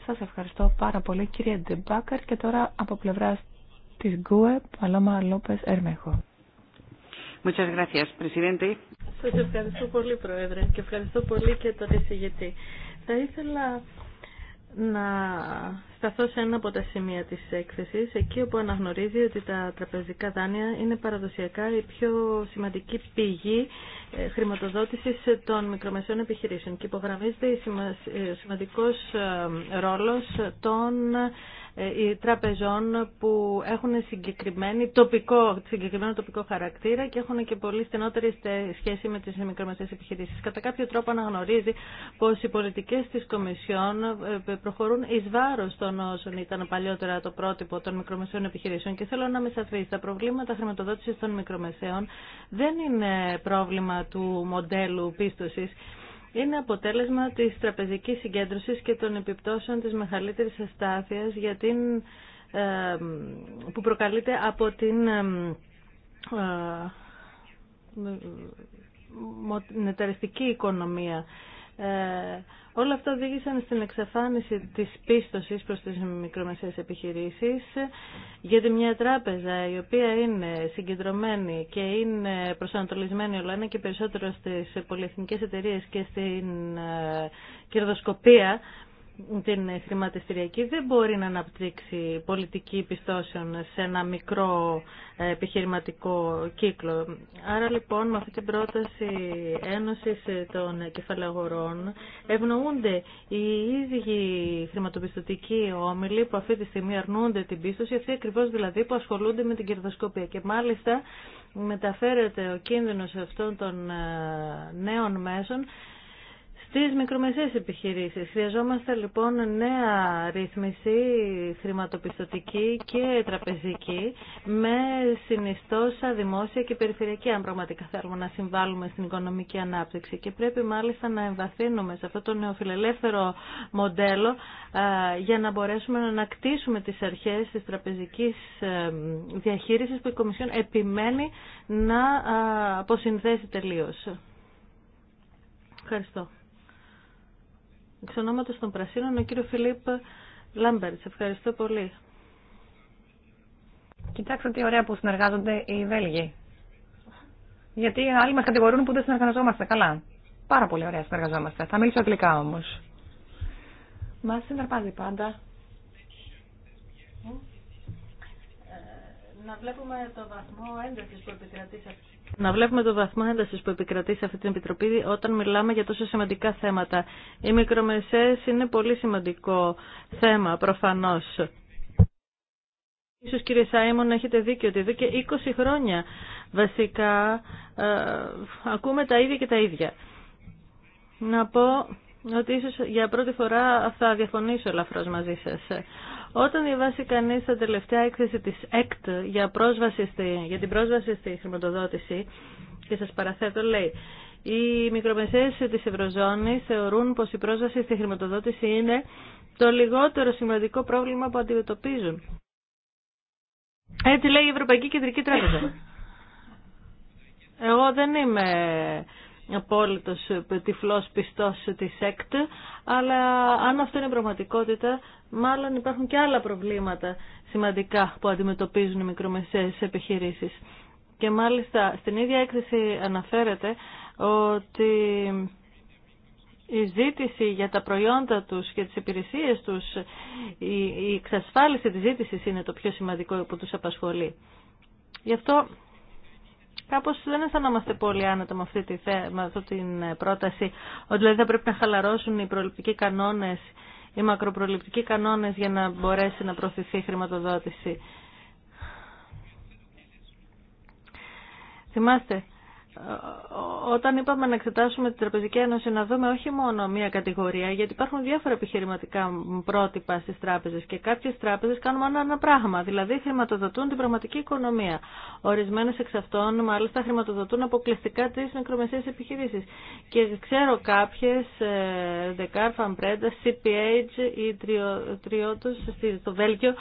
Σας ευχαριστώ πάρα πολύ κύριε Ντεμπάκαρ και τώρα από πλευράς της ΓΚΟΕ Παλώμα Λόπες Ερμέχο. Muchas gracias, Presidente. Σας ευχαριστώ πολύ, Πρόεδρε, και ευχαριστώ πολύ και τον εισηγητή. Θα ήθελα να σταθώ σε ένα από τα σημεία της έκθεσης, εκεί όπου αναγνωρίζει ότι τα τραπεζικά δάνεια είναι παραδοσιακά η πιο σημαντική πηγή ε, χρηματοδότησης των μικρομεσαίων επιχειρήσεων και υπογραμμίζεται ο ε, σημαντικός ε, ρόλος των ε, τραπεζών που έχουν συγκεκριμένη τοπικό, συγκεκριμένο τοπικό χαρακτήρα και έχουν και πολύ στενότερη σχέση με τις μικρομεσαίες επιχειρήσεις. Κατά κάποιο τρόπο αναγνωρίζει πως οι πολιτικές της Κομισιόν ε, προχωρούν εις βάρος των όσων ήταν παλιότερα το πρότυπο των μικρομεσαίων επιχειρήσεων και θέλω να με σαφή. Τα προβλήματα χρηματοδότησης των μικρομεσαίων δεν είναι πρόβλημα του μοντέλου πίστοσης είναι αποτέλεσμα της τραπεζικής συγκέντρωσης και των επιπτώσεων της μεγαλύτερης αστάθειας για ε, που προκαλείται από την ε, ε οικονομία. Ε, Όλα αυτά οδήγησαν στην εξαφάνιση της πίστοσης προς τις μικρομεσαίες επιχειρήσεις, γιατί μια τράπεζα η οποία είναι συγκεντρωμένη και είναι προσανατολισμένη όλο ένα και περισσότερο στις πολυεθνικές εταιρείες και στην ε, κερδοσκοπία, την χρηματιστηριακή δεν μπορεί να αναπτύξει πολιτική πιστώσεων σε ένα μικρό ε, επιχειρηματικό κύκλο. Άρα λοιπόν με αυτή την πρόταση ένωσης ε, των κεφαλαγορών ευνοούνται οι ίδιοι χρηματοπιστωτικοί όμιλοι που αυτή τη στιγμή αρνούνται την πίστοση, αυτοί ακριβώς δηλαδή που ασχολούνται με την κερδοσκοπία και μάλιστα μεταφέρεται ο κίνδυνος αυτών των ε, νέων μέσων στις μικρομεσαίες επιχειρήσεις. Χρειαζόμαστε λοιπόν νέα ρύθμιση χρηματοπιστωτική και τραπεζική με συνιστόσα δημόσια και περιφερειακή αν πραγματικά θέλουμε να συμβάλλουμε στην οικονομική ανάπτυξη και πρέπει μάλιστα να εμβαθύνουμε σε αυτό το νεοφιλελεύθερο μοντέλο για να μπορέσουμε να ανακτήσουμε τις αρχές της τραπεζικής ε, διαχείρισης που η Κομισιόν επιμένει να αποσυνδέσει τελείως. Ευχαριστώ. Εξ ονόματος των Πρασίνων, ο κύριο Φιλίπ Σε Ευχαριστώ πολύ. Κοιτάξτε τι ωραία που συνεργάζονται οι Βέλγοι. Γιατί άλλοι μας κατηγορούν που δεν συνεργαζόμαστε καλά. Πάρα πολύ ωραία συνεργαζόμαστε. Θα μιλήσω αγγλικά όμως. Μας συνεργάζει πάντα να βλέπουμε το βαθμό ένταση που επικρατεί σε αυτή να βλέπουμε το αυτή την Επιτροπή όταν μιλάμε για τόσο σημαντικά θέματα. Οι μικρομεσαίες είναι πολύ σημαντικό θέμα προφανώς. Ίσως κύριε Σάιμον έχετε δίκιο ότι εδώ και 20 χρόνια βασικά ε, ακούμε τα ίδια και τα ίδια. Να πω ότι ίσως για πρώτη φορά θα διαφωνήσω ελαφρώς μαζί σας. Όταν διαβάσει κανεί τα τελευταία έκθεση τη ΕΚΤ για, πρόσβαση στη, για την πρόσβαση στη χρηματοδότηση και σας παραθέτω λέει οι μικρομεσαίες τη ευρωζώνη θεωρούν πως η πρόσβαση στη χρηματοδότηση είναι το λιγότερο σημαντικό πρόβλημα που αντιμετωπίζουν. Έτσι λέει η Ευρωπαϊκή Κεντρική Τράπεζα. Εγώ δεν είμαι απόλυτος ε, τυφλός πιστός της ΕΚΤ, αλλά αν αυτό είναι πραγματικότητα, μάλλον υπάρχουν και άλλα προβλήματα σημαντικά που αντιμετωπίζουν οι μικρομεσαίες επιχειρήσεις. Και μάλιστα στην ίδια έκθεση αναφέρεται ότι η ζήτηση για τα προϊόντα τους και τις υπηρεσίες τους, η εξασφάλιση της ζήτησης είναι το πιο σημαντικό που τους απασχολεί. Γι' αυτό κάπως δεν αισθανόμαστε πολύ άνετα με αυτή, τη, με αυτή την ε, πρόταση, ότι δηλαδή θα πρέπει να χαλαρώσουν οι προληπτικοί κανόνες, οι μακροπροληπτικοί κανόνες για να μπορέσει να προωθηθεί η χρηματοδότηση. Θυμάστε, ε, όταν είπαμε να εξετάσουμε την Τραπεζική Ένωση να δούμε όχι μόνο μία κατηγορία, γιατί υπάρχουν διάφορα επιχειρηματικά πρότυπα στις τράπεζες και κάποιες τράπεζες κάνουν ένα, ένα πράγμα, δηλαδή χρηματοδοτούν την πραγματική οικονομία. Ορισμένες εξ αυτών μάλιστα χρηματοδοτούν αποκλειστικά τις μικρομεσαίες επιχειρήσεις. Και ξέρω κάποιες, ε, CPH ή τριώτους στο Βέλγιο,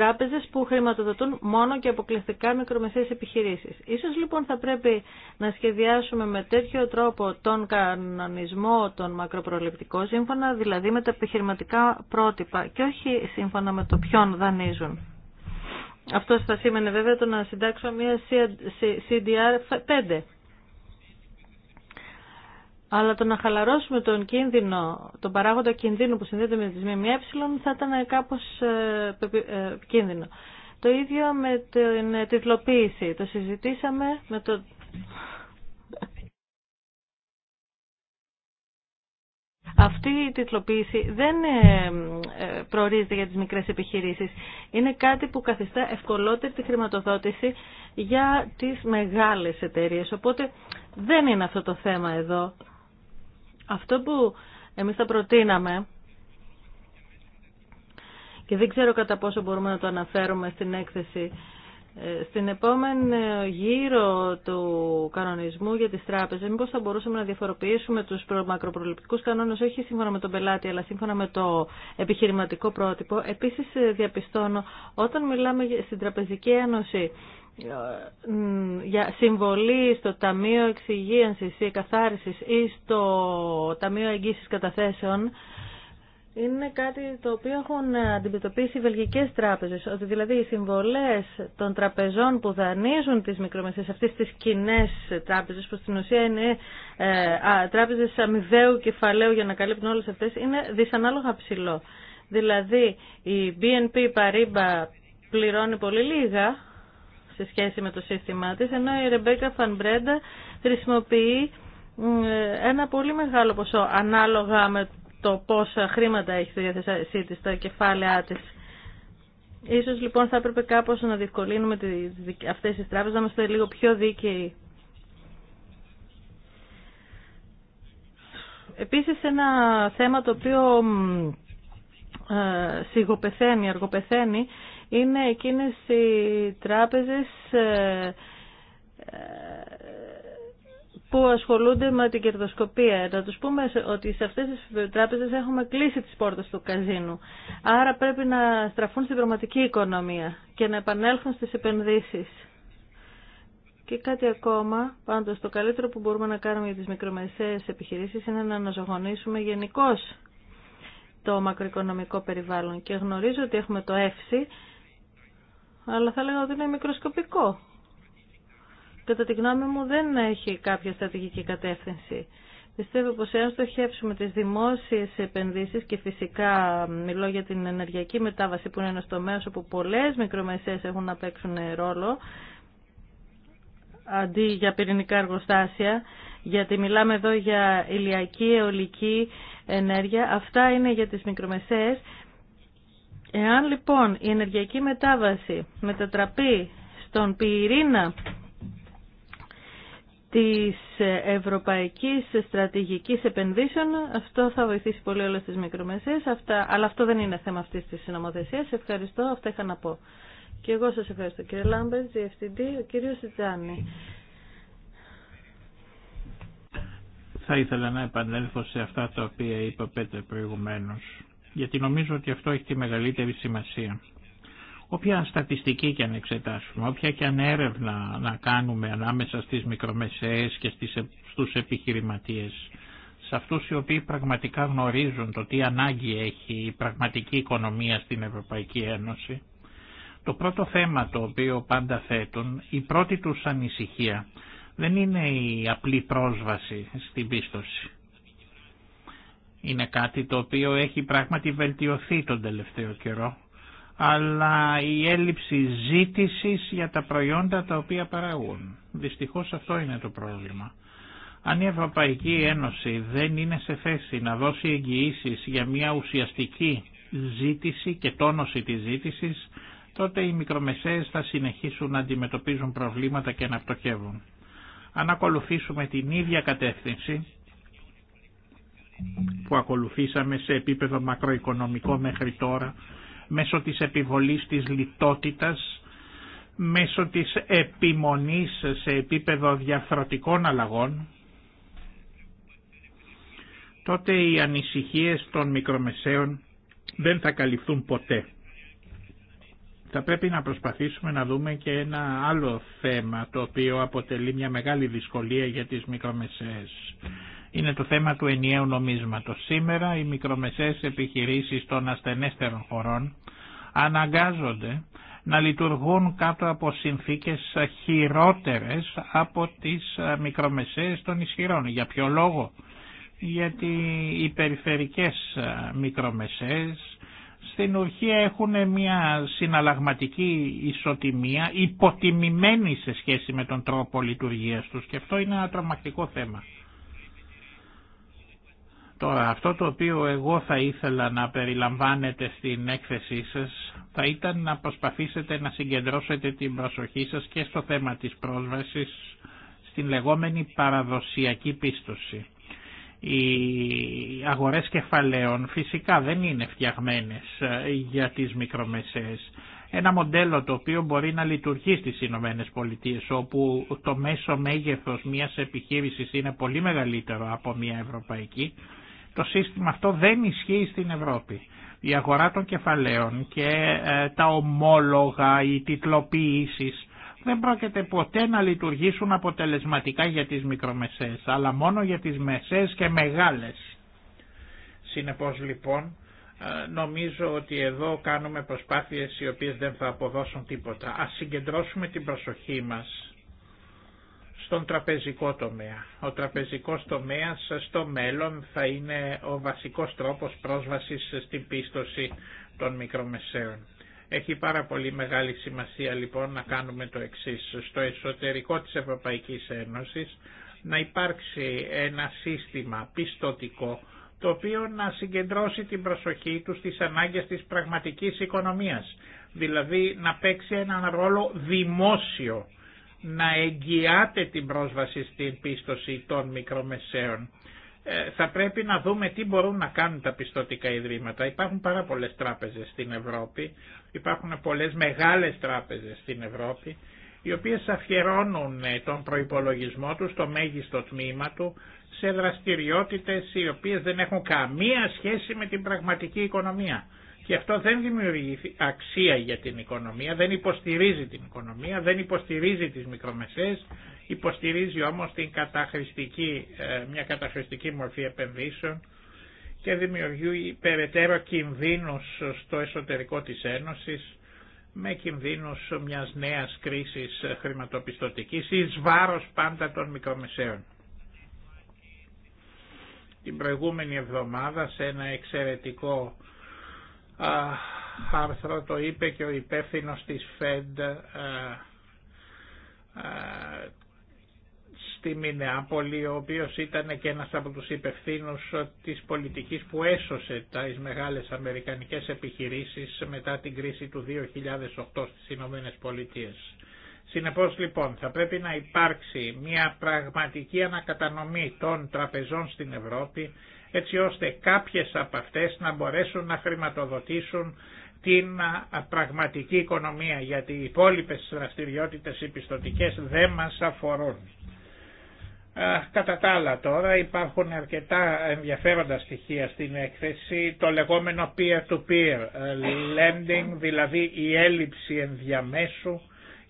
τράπεζε που χρηματοδοτούν μόνο και αποκλειστικά μικρομεσαίε επιχειρήσει. Ίσως λοιπόν θα πρέπει να σχεδιάσουμε με τέτοιο τρόπο τον κανονισμό τον μακροπροληπτικό, σύμφωνα, δηλαδή με τα επιχειρηματικά πρότυπα και όχι σύμφωνα με το ποιον δανείζουν. Αυτό θα σήμαινε βέβαια το να συντάξω μια CDR 5 αλλά το να χαλαρώσουμε τον κίνδυνο, τον παράγοντα κινδύνου που συνδέεται με τις ΜΜΕ θα ήταν κάπως ε, ε, κίνδυνο. Το ίδιο με την ε, τυφλοποίηση. Το συζητήσαμε με το... Αυτή η τιτλοποίηση δεν προορίζεται για τις μικρές επιχειρήσεις. Είναι κάτι που καθιστά ευκολότερη τη χρηματοδότηση για τις μεγάλες εταιρείες. Οπότε δεν είναι αυτό το θέμα εδώ. Αυτό που εμείς θα προτείναμε και δεν ξέρω κατά πόσο μπορούμε να το αναφέρουμε στην έκθεση ε, στην επόμενη γύρο του κανονισμού για τις τράπεζες, μήπως θα μπορούσαμε να διαφοροποιήσουμε τους μακροπροληπτικούς κανόνες, όχι σύμφωνα με τον πελάτη, αλλά σύμφωνα με το επιχειρηματικό πρότυπο. Επίσης, ε, διαπιστώνω, όταν μιλάμε στην Τραπεζική Ένωση για συμβολή στο Ταμείο Εξυγίανσης ή Καθάρισης ή στο Ταμείο Εγγύσης Καταθέσεων είναι κάτι το οποίο έχουν αντιμετωπίσει οι βελγικές τράπεζες, ότι δηλαδή οι συμβολές των τραπεζών που δανείζουν τις μικρομεσαίες, αυτές τις κοινέ τράπεζες, που στην ουσία είναι ε, α, τράπεζες αμοιβαίου κεφαλαίου για να καλύπτουν όλες αυτές, είναι δυσανάλογα ψηλό. Δηλαδή η BNP Paribas πληρώνει πολύ λίγα, σε σχέση με το σύστημά της, ενώ η Ρεμπέκα Φανμπρέντα χρησιμοποιεί ένα πολύ μεγάλο ποσό ανάλογα με το πόσα χρήματα έχει στη διάθεσή της, τα κεφάλαιά της. Ίσως λοιπόν θα έπρεπε κάπως να διευκολύνουμε αυτές τις τράπεζες, να είμαστε λίγο πιο δίκαιοι. Επίσης ένα θέμα το οποίο ε, σιγοπεθαίνει, αργοπεθαίνει είναι εκείνες οι τράπεζες ε, ε, που ασχολούνται με την κερδοσκοπία. Να τους πούμε ότι σε αυτές τις τράπεζες έχουμε κλείσει τις πόρτες του καζίνου. Άρα πρέπει να στραφούν στην πραγματική οικονομία και να επανέλθουν στις επενδύσεις. Και κάτι ακόμα, πάντως το καλύτερο που μπορούμε να κάνουμε για τις μικρομεσαίες επιχειρήσεις είναι να αναζωογονήσουμε γενικώ το μακροοικονομικό περιβάλλον. Και γνωρίζω ότι έχουμε το εφσί αλλά θα έλεγα ότι είναι μικροσκοπικό. Κατά τη γνώμη μου δεν έχει κάποια στρατηγική κατεύθυνση. Πιστεύω πως εάν στοχεύσουμε τις δημόσιες επενδύσεις και φυσικά μιλώ για την ενεργειακή μετάβαση που είναι ένας τομέας όπου πολλές μικρομεσαίες έχουν να παίξουν ρόλο αντί για πυρηνικά εργοστάσια γιατί μιλάμε εδώ για ηλιακή, αιωλική ενέργεια. Αυτά είναι για τις μικρομεσαίες Εάν λοιπόν η ενεργειακή μετάβαση μετατραπεί στον πυρήνα της Ευρωπαϊκής Στρατηγικής Επενδύσεων. Αυτό θα βοηθήσει πολύ όλες τις μικρομεσαίες, αυτά, αλλά αυτό δεν είναι θέμα αυτής της συνομοθεσίας. Ευχαριστώ, αυτά είχα να πω. Και εγώ σας ευχαριστώ κύριε Λάμπερτ, Διευθυντή, ο κύριος Τζάνι. Θα ήθελα να επανέλθω σε αυτά τα οποία είπα πέντε προηγουμένως γιατί νομίζω ότι αυτό έχει τη μεγαλύτερη σημασία. Όποια στατιστική και αν εξετάσουμε, όποια και αν έρευνα να κάνουμε ανάμεσα στις μικρομεσαίες και στις, στους επιχειρηματίες, σε αυτούς οι οποίοι πραγματικά γνωρίζουν το τι ανάγκη έχει η πραγματική οικονομία στην Ευρωπαϊκή Ένωση, το πρώτο θέμα το οποίο πάντα θέτουν, η πρώτη τους ανησυχία, δεν είναι η απλή πρόσβαση στην πίστοση. Είναι κάτι το οποίο έχει πράγματι βελτιωθεί τον τελευταίο καιρό, αλλά η έλλειψη ζήτησης για τα προϊόντα τα οποία παραγούν. Δυστυχώς αυτό είναι το πρόβλημα. Αν η Ευρωπαϊκή Ένωση δεν είναι σε θέση να δώσει εγγυήσει για μια ουσιαστική ζήτηση και τόνωση της ζήτησης, τότε οι μικρομεσαίες θα συνεχίσουν να αντιμετωπίζουν προβλήματα και να πτωχεύουν. Αν ακολουθήσουμε την ίδια κατεύθυνση, που ακολουθήσαμε σε επίπεδο μακροοικονομικό μέχρι τώρα, μέσω της επιβολής της λιτότητας, μέσω της επιμονής σε επίπεδο διαθρωτικών αλλαγών, τότε οι ανησυχίες των μικρομεσαίων δεν θα καλυφθούν ποτέ. Θα πρέπει να προσπαθήσουμε να δούμε και ένα άλλο θέμα το οποίο αποτελεί μια μεγάλη δυσκολία για τις μικρομεσαίες είναι το θέμα του ενιαίου νομίσματος. Σήμερα οι μικρομεσαίες επιχειρήσεις των ασθενέστερων χωρών αναγκάζονται να λειτουργούν κάτω από συνθήκες χειρότερες από τις μικρομεσαίες των ισχυρών. Για ποιο λόγο? Γιατί οι περιφερικές μικρομεσαίες στην ουρχία έχουν μια συναλλαγματική ισοτιμία υποτιμημένη σε σχέση με τον τρόπο λειτουργίας τους και αυτό είναι ένα τρομακτικό θέμα. Τώρα, αυτό το οποίο εγώ θα ήθελα να περιλαμβάνετε στην έκθεσή σας θα ήταν να προσπαθήσετε να συγκεντρώσετε την προσοχή σας και στο θέμα της πρόσβασης στην λεγόμενη παραδοσιακή πίστοση. Οι αγορές κεφαλαίων φυσικά δεν είναι φτιαγμένες ε, για τις μικρομεσαίες. Ένα μοντέλο το οποίο μπορεί να λειτουργεί στις Ηνωμένε Πολιτείε, όπου το μέσο μέγεθος μιας επιχείρησης είναι πολύ μεγαλύτερο από μια ευρωπαϊκή το σύστημα αυτό δεν ισχύει στην Ευρώπη. Η αγορά των κεφαλαίων και ε, τα ομόλογα, οι τιτλοποιήσεις δεν πρόκειται ποτέ να λειτουργήσουν αποτελεσματικά για τις μικρομεσαίες, αλλά μόνο για τις μεσαίες και μεγάλες. Συνεπώς λοιπόν ε, νομίζω ότι εδώ κάνουμε προσπάθειες οι οποίες δεν θα αποδώσουν τίποτα. Ας συγκεντρώσουμε την προσοχή μας στον τραπεζικό τομέα. Ο τραπεζικός τομέας στο μέλλον θα είναι ο βασικός τρόπος πρόσβασης στην πίστοση των μικρομεσαίων. Έχει πάρα πολύ μεγάλη σημασία λοιπόν να κάνουμε το εξής. Στο εσωτερικό της Ευρωπαϊκής Ένωσης να υπάρξει ένα σύστημα πιστοτικό το οποίο να συγκεντρώσει την προσοχή του στις ανάγκες της πραγματικής οικονομίας. Δηλαδή να παίξει έναν ρόλο δημόσιο να εγγυάται την πρόσβαση στην πίστοση των μικρομεσαίων. Ε, θα πρέπει να δούμε τι μπορούν να κάνουν τα πιστοτικά ιδρύματα. Υπάρχουν πάρα πολλές τράπεζες στην Ευρώπη, υπάρχουν πολλές μεγάλες τράπεζες στην Ευρώπη, οι οποίες αφιερώνουν ε, τον προϋπολογισμό τους, το μέγιστο τμήμα του, σε δραστηριότητες οι οποίες δεν έχουν καμία σχέση με την πραγματική οικονομία. Και αυτό δεν δημιουργεί αξία για την οικονομία, δεν υποστηρίζει την οικονομία, δεν υποστηρίζει τις μικρομεσαίες, υποστηρίζει όμως την καταχρηστική, ε, μια καταχρηστική μορφή επενδύσεων και δημιουργεί περαιτέρω κινδύνους στο εσωτερικό της Ένωσης με κινδύνους μιας νέας κρίσης χρηματοπιστωτικής ή βάρος πάντα των μικρομεσαίων. Την προηγούμενη εβδομάδα σε ένα εξαιρετικό άρθρο το είπε και ο υπεύθυνο της ΦΕΔ ε, στη Μινεάπολη, ο οποίος ήταν και ένας από τους υπευθύνου της πολιτικής που έσωσε τις μεγάλες αμερικανικές επιχειρήσεις μετά την κρίση του 2008 στις Ηνωμένες Πολιτείες. Συνεπώς λοιπόν θα πρέπει να υπάρξει μια πραγματική ανακατανομή των τραπεζών στην Ευρώπη έτσι ώστε κάποιες από αυτές να μπορέσουν να χρηματοδοτήσουν την πραγματική οικονομία, γιατί οι υπόλοιπες δραστηριότητες υπιστοτικές δεν μας αφορούν. Κατά τα άλλα τώρα υπάρχουν αρκετά ενδιαφέροντα στοιχεία στην έκθεση, το λεγόμενο peer-to-peer -peer ε, lending, δηλαδή η έλλειψη ενδιαμέσου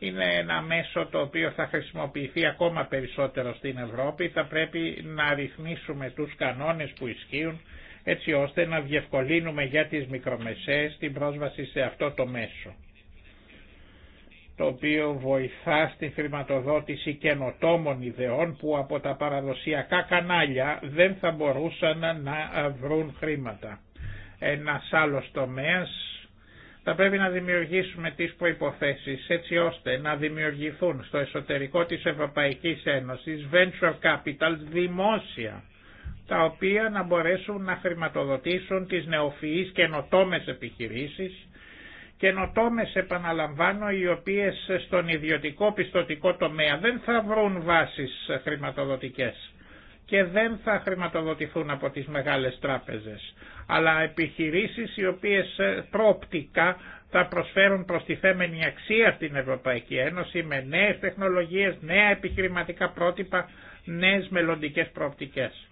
είναι ένα μέσο το οποίο θα χρησιμοποιηθεί ακόμα περισσότερο στην Ευρώπη. Θα πρέπει να ρυθμίσουμε τους κανόνες που ισχύουν έτσι ώστε να διευκολύνουμε για τις μικρομεσαίες την πρόσβαση σε αυτό το μέσο το οποίο βοηθά στη χρηματοδότηση καινοτόμων ιδεών που από τα παραδοσιακά κανάλια δεν θα μπορούσαν να βρουν χρήματα. Ένας άλλος τομέας θα πρέπει να δημιουργήσουμε τις προϋποθέσεις έτσι ώστε να δημιουργηθούν στο εσωτερικό της Ευρωπαϊκής Ένωσης venture capital δημόσια τα οποία να μπορέσουν να χρηματοδοτήσουν τις νεοφυείς καινοτόμες επιχειρήσεις καινοτόμες επαναλαμβάνω οι οποίες στον ιδιωτικό πιστοτικό τομέα δεν θα βρουν βάσεις χρηματοδοτικές και δεν θα χρηματοδοτηθούν από τις μεγάλες τράπεζες, αλλά επιχειρήσεις οι οποίες ε, προοπτικά θα προσφέρουν τη θέμενη αξία στην Ευρωπαϊκή Ένωση με νέες τεχνολογίες, νέα επιχειρηματικά πρότυπα, νέες μελλοντικές προοπτικές.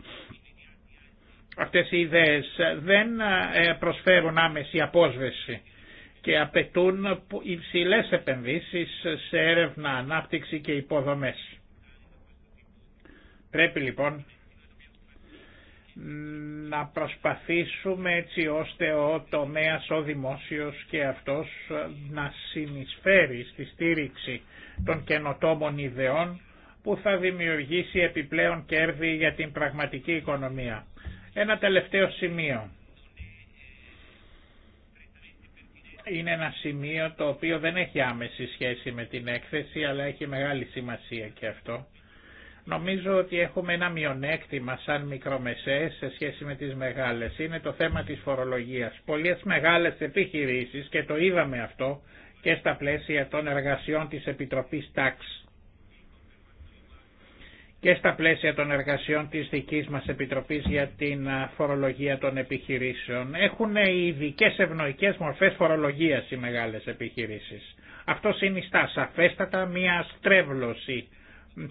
Αυτές οι ιδέες ε, δεν ε, προσφέρουν άμεση απόσβεση και απαιτούν υψηλές επενδύσεις σε έρευνα, ανάπτυξη και υποδομές. Πρέπει λοιπόν να προσπαθήσουμε έτσι ώστε ο τομέας ο δημόσιος και αυτός να συνεισφέρει στη στήριξη των καινοτόμων ιδεών που θα δημιουργήσει επιπλέον κέρδη για την πραγματική οικονομία. Ένα τελευταίο σημείο. Είναι ένα σημείο το οποίο δεν έχει άμεση σχέση με την έκθεση αλλά έχει μεγάλη σημασία και αυτό Νομίζω ότι έχουμε ένα μειονέκτημα σαν μικρομεσαίες σε σχέση με τις μεγάλες. Είναι το θέμα της φορολογίας. Πολλές μεγάλες επιχειρήσεις και το είδαμε αυτό και στα πλαίσια των εργασιών της Επιτροπής Τάξ και στα πλαίσια των εργασιών της δικής μας Επιτροπής για την φορολογία των επιχειρήσεων. Έχουν ειδικέ ευνοϊκές μορφές φορολογίας οι μεγάλες επιχειρήσεις. Αυτό συνιστά σαφέστατα μια στρέβλωση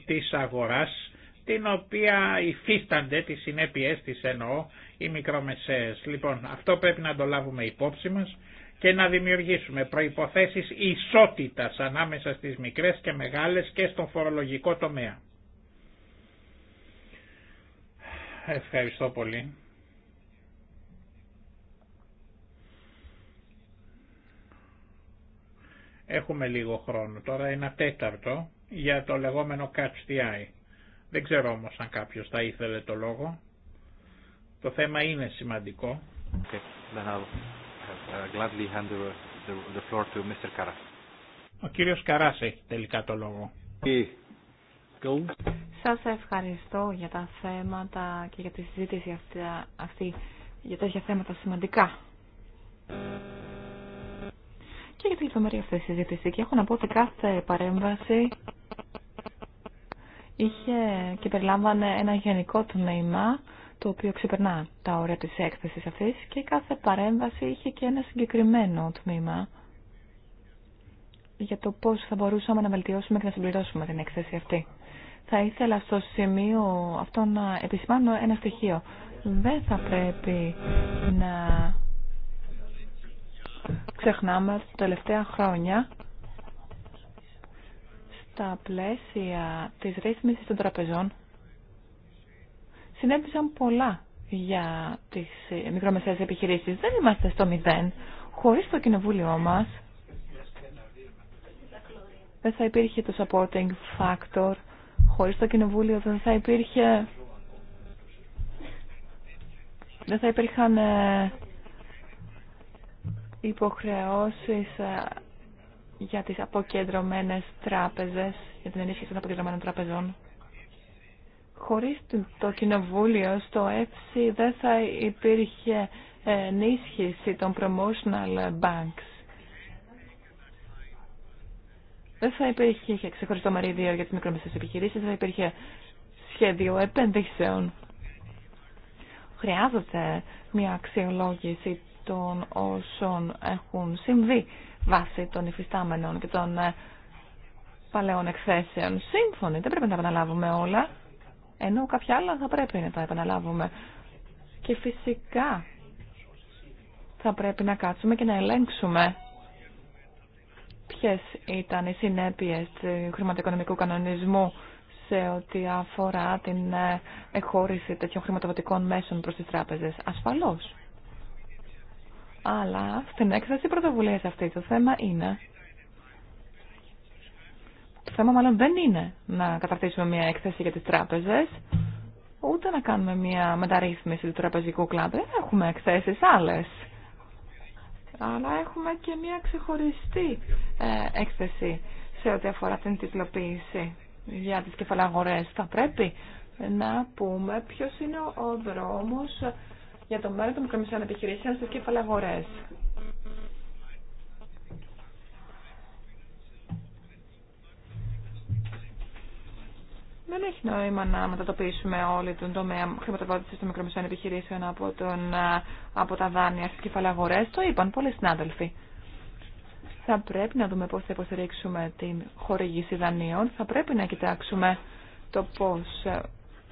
της αγοράς την οποία υφίστανται τις συνέπειες της εννοώ οι μικρομεσαίες. Λοιπόν, αυτό πρέπει να το λάβουμε υπόψη μας και να δημιουργήσουμε προϋποθέσεις ισότητας ανάμεσα στις μικρές και μεγάλες και στον φορολογικό τομέα. Ευχαριστώ πολύ. Έχουμε λίγο χρόνο τώρα, ένα τέταρτο για το λεγόμενο catch the eye. Δεν ξέρω όμως αν κάποιος θα ήθελε το λόγο. Το θέμα είναι σημαντικό. Uh, the floor to Ο κύριος Καράς έχει τελικά το λόγο. Σας ευχαριστώ για τα θέματα και για τη συζήτηση αυτή, αυτή για τέτοια θέματα σημαντικά. Και για τη λεπτομερή αυτή τη συζήτηση. Και έχω να πω ότι κάθε παρέμβαση είχε και περιλάμβανε ένα γενικό τμήμα το οποίο ξεπερνά τα όρια της έκθεσης αυτής και κάθε παρέμβαση είχε και ένα συγκεκριμένο τμήμα για το πώς θα μπορούσαμε να βελτιώσουμε και να συμπληρώσουμε την έκθεση αυτή. Θα ήθελα στο σημείο αυτό να επισημάνω ένα στοιχείο. Δεν θα πρέπει να ξεχνάμε τα τελευταία χρόνια τα πλαίσια της ρύθμισης των τραπεζών συνέβησαν πολλά για τις μικρομεσαίες επιχειρήσεις. Δεν είμαστε στο μηδέν. Χωρίς το κοινοβούλιο μας δεν θα υπήρχε το supporting factor. Χωρίς το κοινοβούλιο δεν θα υπήρχε... Δεν θα υπήρχαν ε, υποχρεώσεις ε, για τις αποκεντρωμένες τράπεζες, για την ενίσχυση των αποκεντρωμένων τραπεζών. Χωρίς το κοινοβούλιο στο ΕΦΣΙ δεν θα υπήρχε ενίσχυση των promotional banks. Δεν θα υπήρχε ξεχωριστό μερίδιο για τις μικρομεσαίες επιχειρήσεις, δεν θα υπήρχε σχέδιο επενδύσεων χρειάζεται μια αξιολόγηση των όσων έχουν συμβεί βάσει των υφιστάμενων και των ε, παλαιών εκθέσεων. Σύμφωνοι, δεν πρέπει να τα επαναλάβουμε όλα, ενώ κάποια άλλα θα πρέπει να τα επαναλάβουμε. Και φυσικά θα πρέπει να κάτσουμε και να ελέγξουμε ποιες ήταν οι συνέπειες του χρηματοοικονομικού κανονισμού σε ό,τι αφορά την εχώρηση τέτοιων χρηματοδοτικών μέσων προς τις τράπεζες. Ασφαλώς. Αλλά στην έκθεση πρωτοβουλίας αυτή το θέμα είναι... Το θέμα μάλλον δεν είναι να καταρτήσουμε μια έκθεση για τις τράπεζες, ούτε να κάνουμε μια μεταρρύθμιση του τραπεζικού κλάδου. Δεν έχουμε εκθέσεις άλλες. Αλλά έχουμε και μια ξεχωριστή ε, έκθεση σε ό,τι αφορά την τυπλοποίηση για τις κεφαλαγορές. Θα πρέπει να πούμε ποιος είναι ο δρόμος για το μέλλον των μικρομεσαίων επιχειρήσεων στις κεφαλαγορές. Δεν έχει νόημα να μετατοπίσουμε όλη τον τομέα χρηματοδότηση των μικρομεσαίων επιχειρήσεων από, τον, από τα δάνεια στι κεφαλαγορέ. Το είπαν πολλοί συνάδελφοι θα πρέπει να δούμε πώς θα υποστηρίξουμε την χορηγήση δανείων. Θα πρέπει να κοιτάξουμε το πώς ε,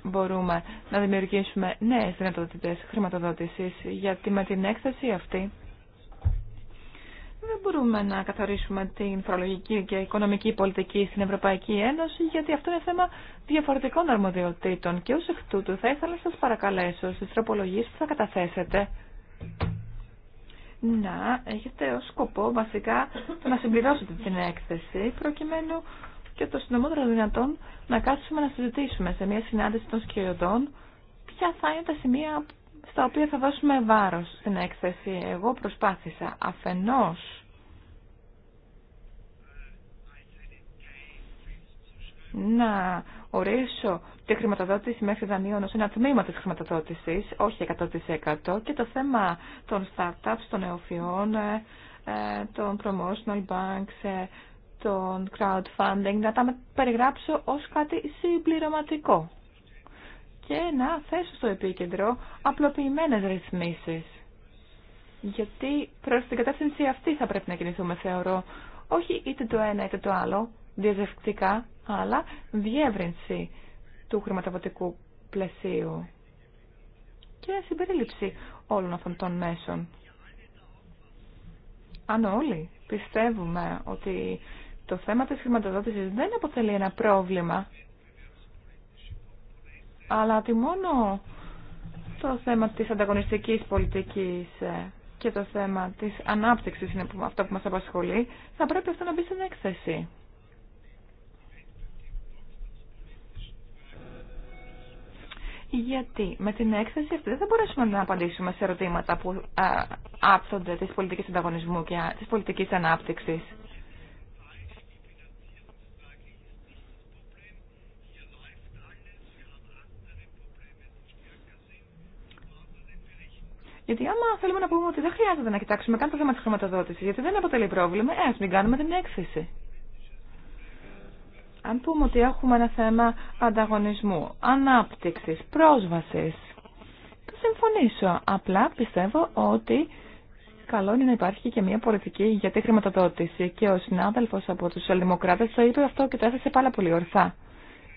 μπορούμε να δημιουργήσουμε νέες δυνατότητες χρηματοδότησης, γιατί με την έκθεση αυτή δεν μπορούμε να καθορίσουμε την φορολογική και οικονομική πολιτική στην Ευρωπαϊκή Ένωση, γιατί αυτό είναι θέμα διαφορετικών αρμοδιοτήτων. Και ως εκ τούτου θα ήθελα να σας παρακαλέσω στις τροπολογίες που θα καταθέσετε να έχετε ως σκοπό βασικά το να συμπληρώσετε την έκθεση προκειμένου και το συντομότερο δυνατόν να κάτσουμε να συζητήσουμε σε μια συνάντηση των σκιωδών ποια θα είναι τα σημεία στα οποία θα δώσουμε βάρος στην έκθεση. Εγώ προσπάθησα αφενός να ορίσω τη χρηματοδότηση μέχρι δανείων ως ένα τμήμα της χρηματοδότησης, όχι 100% και το θέμα των startups, των νεοφιών, ε, των promotional banks, ε, των crowdfunding, να τα περιγράψω ως κάτι συμπληρωματικό και να θέσω στο επίκεντρο απλοποιημένες ρυθμίσεις. Γιατί προς την κατεύθυνση αυτή θα πρέπει να κινηθούμε, θεωρώ. Όχι είτε το ένα είτε το άλλο, διαζευκτικά, αλλά διεύρυνση του χρηματοδοτικού πλαισίου και συμπερίληψη όλων αυτών των μέσων. Αν όλοι πιστεύουμε ότι το θέμα της χρηματοδότησης δεν αποτελεί ένα πρόβλημα, αλλά ότι μόνο το θέμα της ανταγωνιστικής πολιτικής και το θέμα της ανάπτυξης είναι αυτό που μας απασχολεί, θα πρέπει αυτό να μπει στην έκθεση. Γιατί με την έκθεση αυτή δεν θα μπορέσουμε να απαντήσουμε σε ερωτήματα που άπτονται της πολιτικής ανταγωνισμού και της πολιτικής ανάπτυξης. Γιατί άμα θέλουμε να πούμε ότι δεν χρειάζεται να κοιτάξουμε καν το θέμα τη χρηματοδότηση, γιατί δεν αποτελεί πρόβλημα, ε, μην κάνουμε την έκθεση. Αν πούμε ότι έχουμε ένα θέμα ανταγωνισμού, ανάπτυξης, πρόσβασης, θα συμφωνήσω. Απλά πιστεύω ότι καλό είναι να υπάρχει και μια πολιτική για τη χρηματοδότηση. Και ο συνάδελφος από τους Σελδημοκράτες το είπε αυτό και το έθεσε πάρα πολύ ορθά.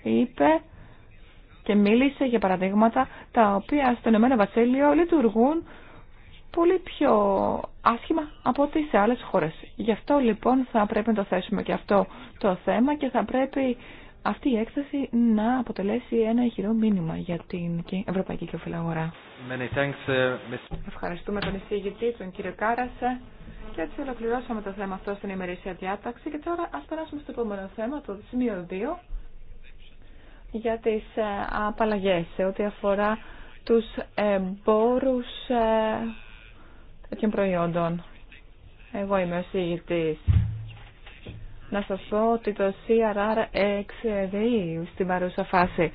Είπε και μίλησε για παραδείγματα τα οποία στον Ηνωμένο Βασίλειο λειτουργούν πολύ πιο άσχημα από ό,τι σε άλλες χώρες. Γι' αυτό λοιπόν θα πρέπει να το θέσουμε και αυτό το θέμα και θα πρέπει αυτή η έκθεση να αποτελέσει ένα ηχηρό μήνυμα για την Ευρωπαϊκή Κεφαλαγορά. Uh, Ευχαριστούμε τον εισηγητή, τον κύριο Κάρασα. Και έτσι ολοκληρώσαμε το θέμα αυτό στην ημερήσια διάταξη και τώρα ας περάσουμε στο επόμενο θέμα, το σημείο 2, για τις ε, απαλλαγές σε ό,τι αφορά τους εμπόρους ε, τέτοιων προϊόντων. Εγώ είμαι ο συγητής. Να σας πω ότι το CRR εξαιρεί στην παρούσα φάση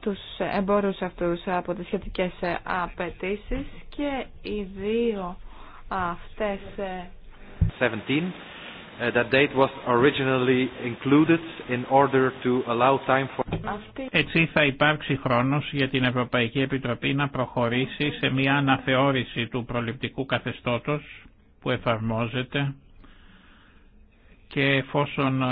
τους εμπόρους αυτούς από τις σχετικές απαιτήσει και οι δύο αυτές ε, έτσι θα υπάρξει χρόνος για την Ευρωπαϊκή Επιτροπή να προχωρήσει σε μια αναθεώρηση του προληπτικού καθεστώτος που εφαρμόζεται και εφόσον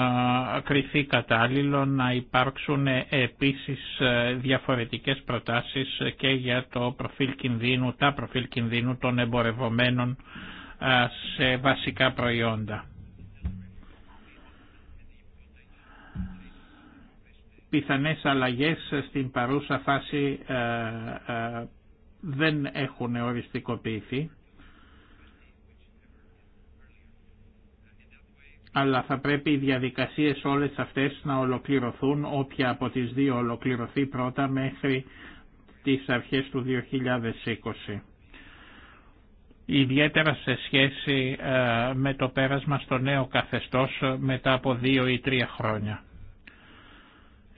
κρυθεί κατάλληλο να υπάρξουν ε, επίσης ε, διαφορετικές προτάσεις και για το προφίλ κινδύνου, τα προφίλ κινδύνου των εμπορευομένων σε βασικά προϊόντα. πιθανές αλλαγές στην παρούσα φάση ε, ε, δεν έχουν οριστικοποιηθεί. αλλά θα πρέπει οι διαδικασίες όλες αυτές να ολοκληρωθούν, όποια από τις δύο ολοκληρωθεί πρώτα μέχρι τις αρχές του 2020. Ιδιαίτερα σε σχέση ε, με το πέρασμα στο νέο καθεστώς μετά από δύο ή τρία χρόνια.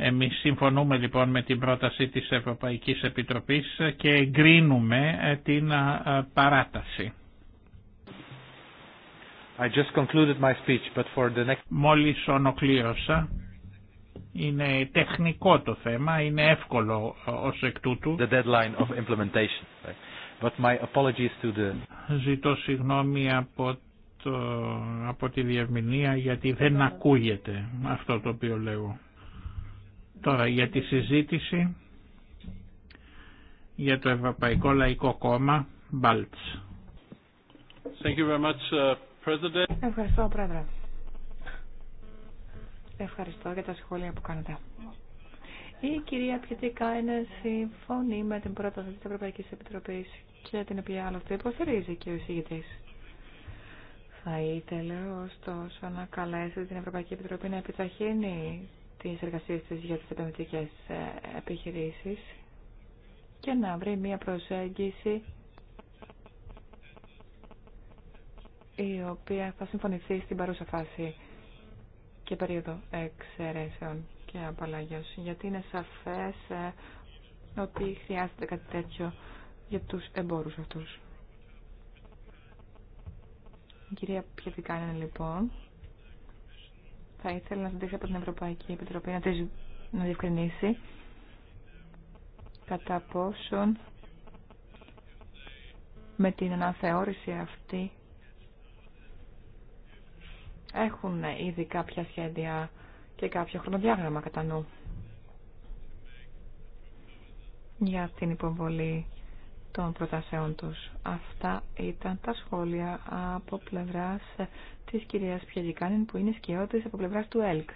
Εμείς συμφωνούμε λοιπόν με την πρόταση της Ευρωπαϊκής Επιτροπής και εγκρίνουμε ε, την ε, ε, παράταση. I just Μόλις ονοκλήρωσα. Είναι τεχνικό το θέμα, είναι εύκολο ως εκ τούτου. Ζητώ συγγνώμη από, από τη διευμηνία γιατί δεν ακούγεται αυτό το οποίο λέω. Τώρα για τη συζήτηση για το Ευρωπαϊκό Λαϊκό Κόμμα Μπάλτς. Thank you very much, uh, President. Ευχαριστώ, Πρόεδρε. Ευχαριστώ για τα σχόλια που κάνετε. Η κυρία Πιετικά είναι συμφωνή με την πρόταση της Ευρωπαϊκής Επιτροπής και την οποία άλλωστε υποστηρίζει και ο εισηγητής. Θα ήθελε ωστόσο να καλέσει την Ευρωπαϊκή Επιτροπή να επιταχύνει τις εργασίες της για τις επενδυτικές ε, επιχειρήσεις και να βρει μία προσέγγιση η οποία θα συμφωνηθεί στην παρούσα φάση και περίοδο εξαιρέσεων και απαλλαγής. Γιατί είναι σαφές ε, ότι χρειάζεται κάτι τέτοιο για τους εμπόρους αυτούς. Η κυρία κάνει λοιπόν θα ήθελα να ζητήσω από την Ευρωπαϊκή Επιτροπή να, τις, να διευκρινίσει κατά πόσον με την αναθεώρηση αυτή έχουν ήδη κάποια σχέδια και κάποιο χρονοδιάγραμμα κατά νου για την υποβολή των προτάσεών τους. Αυτά ήταν τα σχόλια από πλευράς της κυρίας Πιελικάνιν που είναι σκιώτης από πλευράς του ΕΛΚ.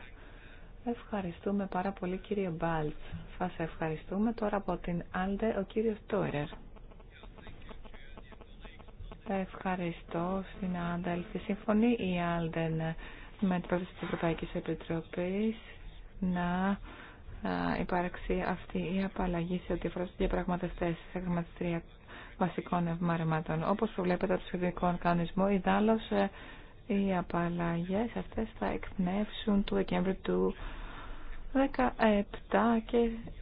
Ευχαριστούμε πάρα πολύ κύριε Μπάλτ. Θα σε ευχαριστούμε τώρα από την Άλντε ο κύριος Τόιρερ. ευχαριστώ στην Άλντε. σύμφωνη, η Άλντε με την πρόταση της Ευρωπαϊκής Επιτροπής να υπάρξει αυτή η απαλλαγή σε ό,τι αφορά στους διαπραγματευτές της εγγραμματιστρία βασικών ευμαρμάτων. Όπως βλέπετε από το σχετικό κανονισμό, ιδάλλως ε, οι απαλλαγές αυτές θα εκπνεύσουν του Δεκέμβρη του 17 και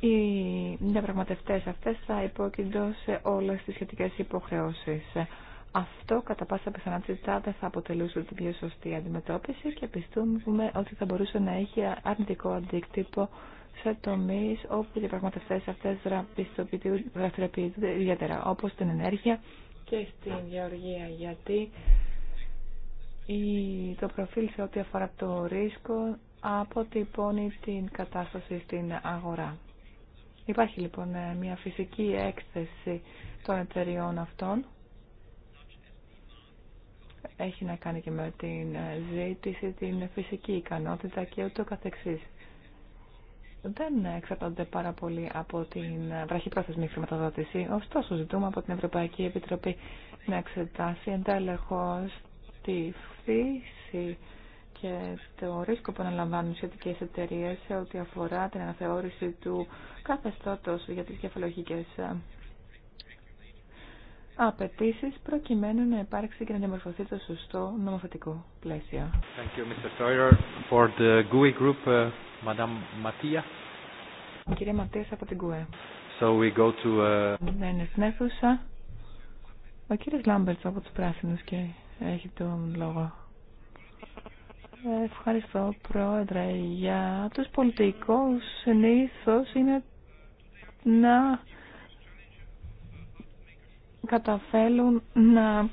οι διαπραγματευτέ αυτές θα υπόκεινται σε όλες τις σχετικέ υποχρέωσει. Αυτό κατά πάσα πιθανότητα δεν θα αποτελούσε την πιο σωστή αντιμετώπιση και πιστεύουμε ότι θα μπορούσε να έχει αρνητικό αντίκτυπο σε τομεί όπου οι διαπραγματευτέ αυτέ δραστηριοποιούνται ιδιαίτερα, όπω στην ενέργεια και στην γεωργία. Γιατί το προφίλ σε ό,τι αφορά το ρίσκο αποτυπώνει την κατάσταση στην αγορά. Υπάρχει λοιπόν μια φυσική έκθεση των εταιριών αυτών. Έχει να κάνει και με την ζήτηση, την φυσική ικανότητα και ούτω καθεξής δεν εξαρτώνται πάρα πολύ από την βραχυπρόθεσμη χρηματοδότηση. Ωστόσο, ζητούμε από την Ευρωπαϊκή Επιτροπή να εξετάσει εντέλεχο τη φύση και το ρίσκο που αναλαμβάνουν σχετικέ εταιρείε σε ό,τι αφορά την αναθεώρηση του καθεστώτο για τι κεφαλογικέ απαιτήσει προκειμένου να υπάρξει και να διαμορφωθεί το σωστό νομοθετικό πλαίσιο. Thank you, Mr. For the Group, uh, Madame Mattia. κυρία Ματίας από την ΚΟΕ. So we go to, uh... Ναι, είναι στην αίθουσα. Ο κύριος Λάμπερτς από τους Πράσινους και έχει τον λόγο. Ευχαριστώ, Πρόεδρε. Για τους πολιτικούς συνήθως είναι να καταφέρουν να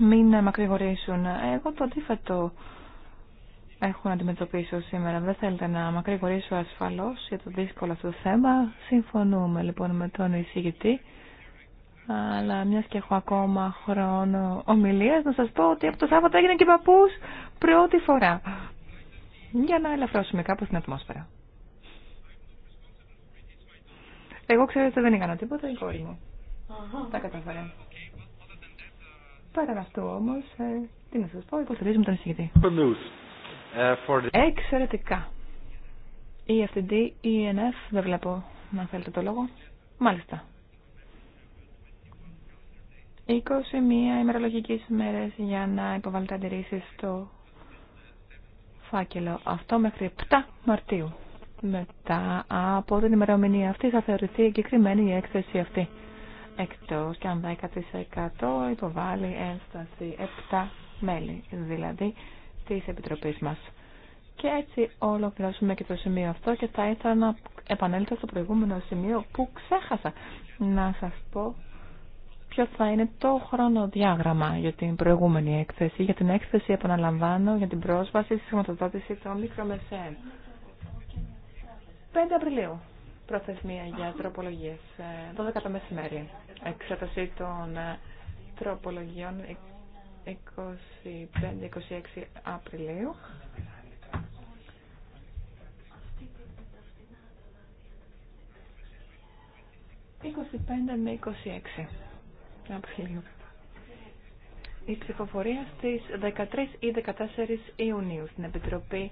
μην μακρηγορήσουν. Εγώ το αντίθετο έχω να αντιμετωπίσω σήμερα. Δεν θέλετε να μακρηγορήσω ασφαλώς για το δύσκολο αυτό το θέμα. Συμφωνούμε λοιπόν με τον εισηγητή. Αλλά μια και έχω ακόμα χρόνο ομιλίας, να σας πω ότι από το Σάββατο έγινε και παππού πρώτη φορά. Για να ελαφρώσουμε κάπως την ατμόσφαιρα. Εγώ ότι δεν έκανα τίποτα, η κόρη μου. Τα κατάφερα. Πέραν αυτού όμω, ε, τι να σα πω, υποστηρίζουμε τον εισηγητή. Ε, Εξαιρετικά. Η FTD, ENF, δεν βλέπω να θέλετε το λόγο. Μάλιστα. 21 ημερολογικέ μέρε για να υποβάλλετε αντιρρήσει στο φάκελο. Αυτό μέχρι 7 Μαρτίου. Μετά από την ημερομηνία αυτή θα θεωρηθεί εγκεκριμένη η έκθεση αυτή εκτός και αν 10% υποβάλλει ένσταση 7 μέλη, δηλαδή της Επιτροπής μας. Και έτσι ολοκληρώσουμε και το σημείο αυτό και θα ήθελα να επανέλθω στο προηγούμενο σημείο που ξέχασα να σας πω ποιο θα είναι το χρονοδιάγραμμα για την προηγούμενη έκθεση. Για την έκθεση επαναλαμβάνω για την πρόσβαση στη χρηματοδότηση των μικρομεσαίων. 5 Απριλίου Προθεσμία για τροπολογίε 12 ε, το μεσημέρι. Εξέταση των ε, τροπολογιών 25-26 Απριλίου. ...25 26 Απριλίου. Η ψηφοφορία στις 13 ή 14 Ιουνίου στην Επιτροπή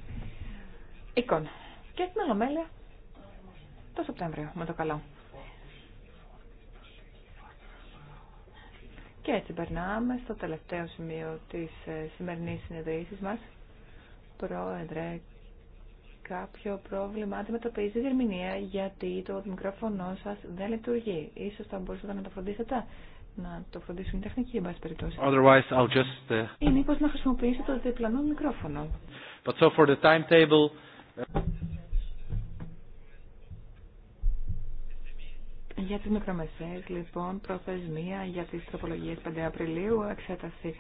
Οίκων. Και την Ολομέλεια το Σεπτέμβριο, με το καλό. Και έτσι περνάμε στο τελευταίο σημείο της ε, σημερινής συνεδρίασης μας. Πρόεδρε, κάποιο πρόβλημα αντιμετωπίζει η διερμηνία γιατί το μικρόφωνο σας δεν λειτουργεί. Ίσως θα μπορούσατε να το φροντίσετε να το φροντίσουν οι τεχνικοί, εν περιπτώσει. Otherwise, ε, Ή να χρησιμοποιήσετε το διπλανό μικρόφωνο. But so for the timetable... Ε, Για τις μικρομεσαίες, λοιπόν, προθεσμία για τις τροπολογίες 5 Απριλίου, εξέταση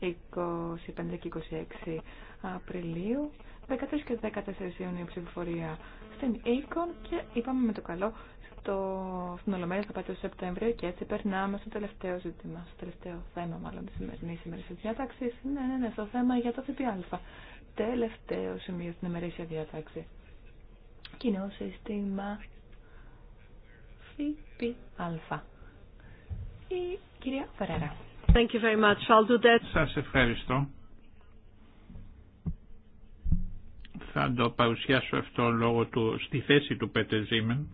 25 και 26 Απριλίου, 13 και 14 Ιουνίου ψηφοφορία στην εικόνα και είπαμε με το καλό στο, στην Ολομέλεια θα πάτε το Σεπτέμβριο και έτσι περνάμε στο τελευταίο ζήτημα, στο τελευταίο θέμα μάλλον της σημερινής ημέρης της διάταξης, ναι, ναι, ναι, στο θέμα για το ΦΠΑ. Τελευταίο σημείο στην ημερήσια διάταξη. Κοινό σύστημα ΦΠΑ. Η κυρία Φερέρα. Thank you very much. I'll do that. ευχαριστώ. Θα το παρουσιάσω αυτό λόγω του, στη θέση του Πέτε Ζήμεν,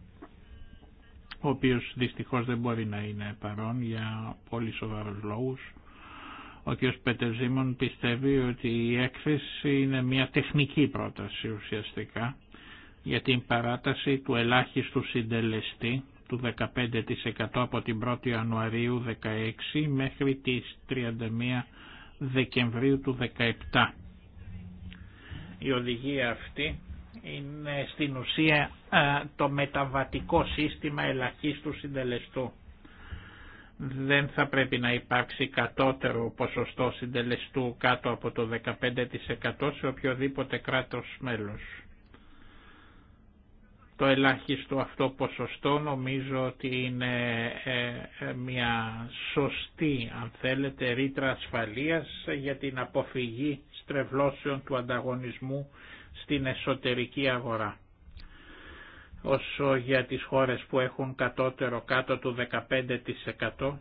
ο οποίος δυστυχώς δεν μπορεί να είναι παρόν για πολύ σοβαρου λόγου. Ο κ. Πετεζήμων πιστεύει ότι η έκθεση είναι μια τεχνική πρόταση ουσιαστικά για την παράταση του ελάχιστου συντελεστή του 15% από την 1η Ιανουαρίου 16 μέχρι τις 31 Δεκεμβρίου του 17. Η οδηγία αυτή είναι στην ουσία το μεταβατικό σύστημα ελαχίστου συντελεστού. Δεν θα πρέπει να υπάρξει κατώτερο ποσοστό συντελεστού κάτω από το 15% σε οποιοδήποτε κράτος μέλος. Το ελάχιστο αυτό ποσοστό νομίζω ότι είναι ε, ε, μια σωστή, αν θέλετε, ρήτρα ασφαλείας για την αποφυγή στρεβλώσεων του ανταγωνισμού στην εσωτερική αγορά. Όσο για τις χώρες που έχουν κατώτερο κάτω του 15%,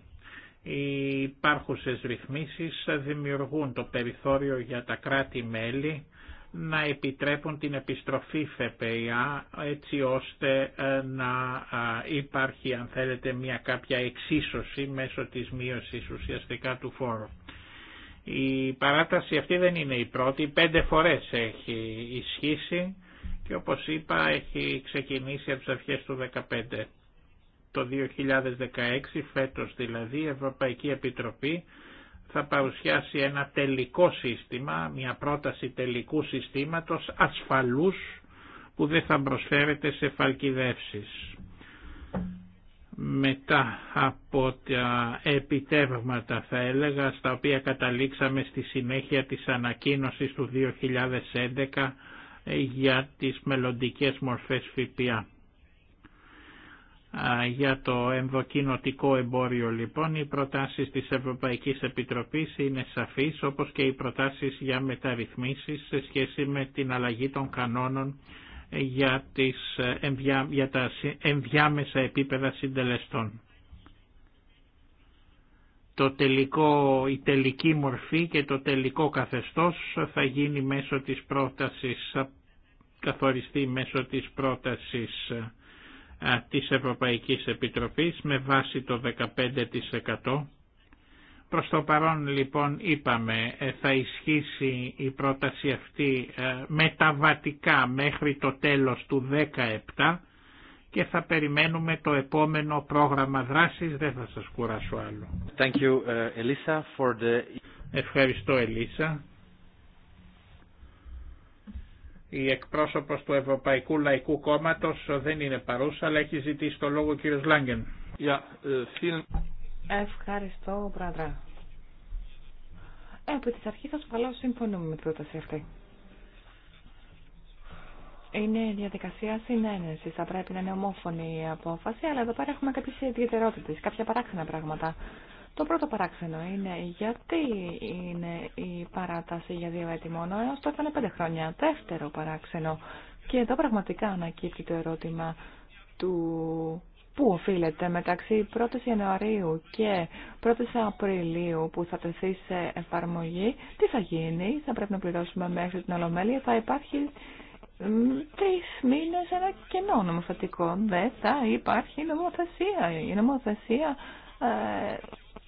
οι υπάρχουσες ρυθμίσεις δημιουργούν το περιθώριο για τα κράτη-μέλη να επιτρέπουν την επιστροφή ΦΠΑ έτσι ώστε ε, να υπάρχει αν θέλετε μια κάποια εξίσωση μέσω της μείωσης ουσιαστικά του φόρου. Η παράταση αυτή δεν είναι η πρώτη, πέντε φορές έχει ισχύσει και όπως είπα έχει ξεκινήσει από τις αρχές του 2015. Το 2016 φέτος δηλαδή η Ευρωπαϊκή Επιτροπή θα παρουσιάσει ένα τελικό σύστημα, μια πρόταση τελικού συστήματος ασφαλούς που δεν θα προσφέρεται σε φαλκιδεύσεις. Μετά από τα επιτεύγματα θα έλεγα στα οποία καταλήξαμε στη συνέχεια της ανακοίνωσης του 2011 ε, για τις μελλοντικές μορφές ΦΠΑ. Για το εμβοκινοτικό εμπόριο λοιπόν οι προτάσεις της Ευρωπαϊκής Επιτροπής είναι σαφείς όπως και οι προτάσεις για μεταρρυθμίσεις σε σχέση με την αλλαγή των κανόνων για, τις, για τα ενδιάμεσα επίπεδα συντελεστών. Το τελικό, η τελική μορφή και το τελικό καθεστώς θα γίνει μέσω της πρότασης, καθοριστεί μέσω της πρότασης της Ευρωπαϊκής Επιτροπής με βάση το 15%. Προς το παρόν λοιπόν είπαμε ε, θα ισχύσει η πρόταση αυτή ε, μεταβατικά μέχρι το τέλος του 2017 και θα περιμένουμε το επόμενο πρόγραμμα δράσης, δεν θα σας κουράσω άλλο. Thank ε, Ευχαριστώ Ελίσα η εκπρόσωπος του Ευρωπαϊκού Λαϊκού Κόμματος δεν είναι παρούσα, αλλά έχει ζητήσει το λόγο ο κύριος Λάγκεν. Uh, Ευχαριστώ, πρόεδρε. Επί θα αρχής ασφαλώς συμφωνούμε με την πρόταση αυτή. Είναι διαδικασία συνένεση. Θα πρέπει να είναι ομόφωνη η απόφαση, αλλά εδώ πέρα έχουμε κάποιε ιδιαιτερότητε, κάποια παράξενα πράγματα. Το πρώτο παράξενο είναι γιατί είναι η παράταση για δύο έτη μόνο, έως το έκανε πέντε χρόνια. Δεύτερο παράξενο. Και εδώ πραγματικά ανακύπτει το ερώτημα του πού οφείλεται μεταξύ 1η Ιανουαρίου και 1η Απριλίου που θα τεθεί σε εφαρμογή. Τι θα γίνει, θα πρέπει να πληρώσουμε μέχρι την Ολομέλεια, θα υπάρχει τρει μήνε ένα κενό νομοθετικό. Δεν θα υπάρχει νομοθεσία. Η νομοθεσία ε,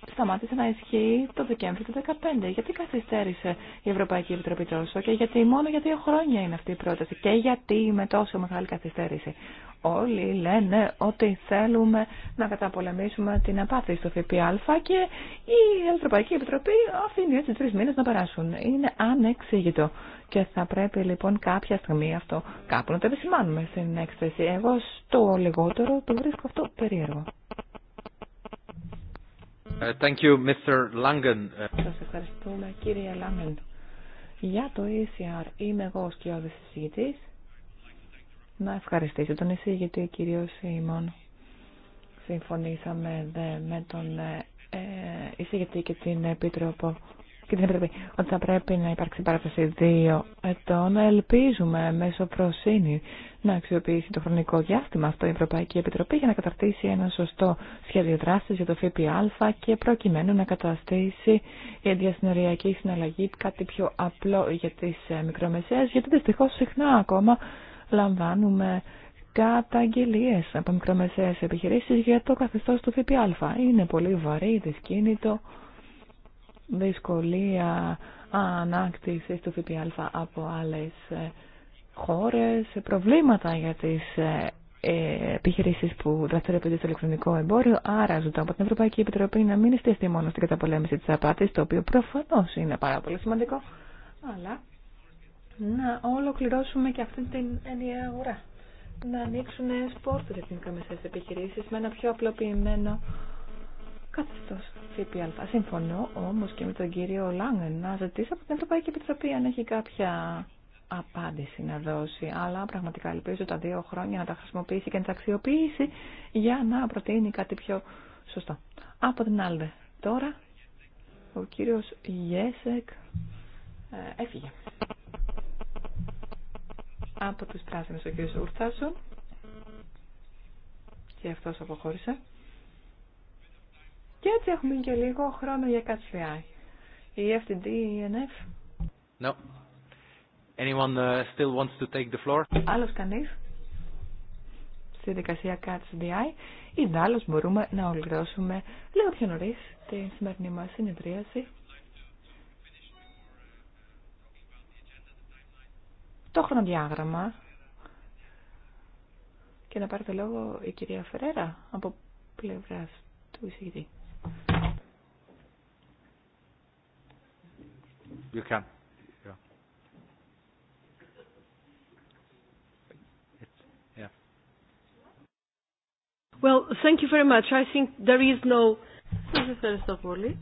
σταμάτησε να ισχύει το Δεκέμβριο του 2015. Γιατί καθυστέρησε η Ευρωπαϊκή Επιτροπή τόσο και γιατί μόνο για δύο χρόνια είναι αυτή η πρόταση και γιατί με τόσο μεγάλη καθυστέρηση. Όλοι λένε ότι θέλουμε να καταπολεμήσουμε την απάθεια στο ΦΠΑ και η Ευρωπαϊκή Επιτροπή αφήνει έτσι τρει μήνε να περάσουν. Είναι ανεξήγητο. Και θα πρέπει λοιπόν κάποια στιγμή αυτό κάπου να το επισημάνουμε στην έκθεση. Εγώ στο λιγότερο το βρίσκω αυτό περίεργο. Ε, thank you, Mr. Langen. Σας ευχαριστούμε κύριε Λάγκεν. Για το ECR είμαι εγώ ο σκιώδης εισηγητής. Να ευχαριστήσω τον εισηγητή κύριο Σίμων. Συμφωνήσαμε δε με τον ε, ε, εισηγητή και την Επίτροπο και την Επιτροπή ότι θα πρέπει να υπάρξει παράταση δύο ετών. Ελπίζουμε μέσω προσύνη να αξιοποιήσει το χρονικό διάστημα αυτό η Ευρωπαϊκή Επιτροπή για να καταρτήσει ένα σωστό σχέδιο δράσης για το ΦΠΑ και προκειμένου να καταστήσει η διασυνοριακή συναλλαγή κάτι πιο απλό για τις ε, μικρομεσαίες, γιατί δυστυχώ συχνά ακόμα λαμβάνουμε καταγγελίε από μικρομεσαίε επιχειρήσει για το καθεστώ του ΦΠΑ. Είναι πολύ βαρύ, δυσκίνητο, δυσκολία ανάκτηση του ΦΠΑ από άλλε. Ε, χώρες προβλήματα για τις ε, ε, επιχειρήσεις που δραστηριοποιούνται στο ηλεκτρονικό εμπόριο. Άρα ζητώ από την Ευρωπαϊκή Επιτροπή να μην εστιαστεί μόνο στην καταπολέμηση της απάτης, το οποίο προφανώς είναι πάρα πολύ σημαντικό, αλλά να ολοκληρώσουμε και αυτή την ενιαία αγορά. Να ανοίξουν νέε πόρτε για τι μικρομεσαίε επιχειρήσει με ένα πιο απλοποιημένο καθεστώ ΦΠΑ. Συμφωνώ όμω και με τον κύριο Λάγκεν να ζητήσω από την Ευρωπαϊκή Επιτροπή αν έχει κάποια απάντηση να δώσει, αλλά πραγματικά ελπίζω τα δύο χρόνια να τα χρησιμοποιήσει και να τα αξιοποιήσει για να προτείνει κάτι πιο σωστό. Από την άλλη, τώρα ο κύριος Γέσεκ ε, έφυγε. Από τους πράσινους ο κύριος Ουρθάσου και αυτός αποχώρησε. Και έτσι έχουμε και λίγο χρόνο για κάτι Η FTD, η NF. No. Anyone uh, still Άλλος κανείς στη δικασία Catch the ή δάλλως μπορούμε να ολοκληρώσουμε λίγο πιο νωρίς τη σημερινή μας συνεδρίαση. Το χρονοδιάγραμμα και να πάρει το λόγο η κυρία Φερέρα από πλευράς του εισηγητή. You Well, thank you very much. I think there is no... Σας ευχαριστώ πολύ.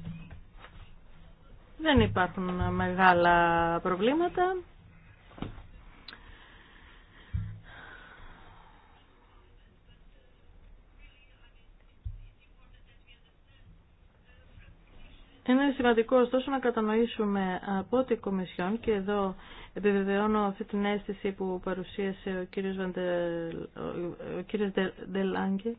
Δεν υπάρχουν μεγάλα προβλήματα. Είναι σημαντικό ωστόσο να κατανοήσουμε από την Κομισιόν και εδώ επιβεβαιώνω αυτή την αίσθηση που παρουσίασε ο κύριος, Βαντε, ο κύριος Λάγκε,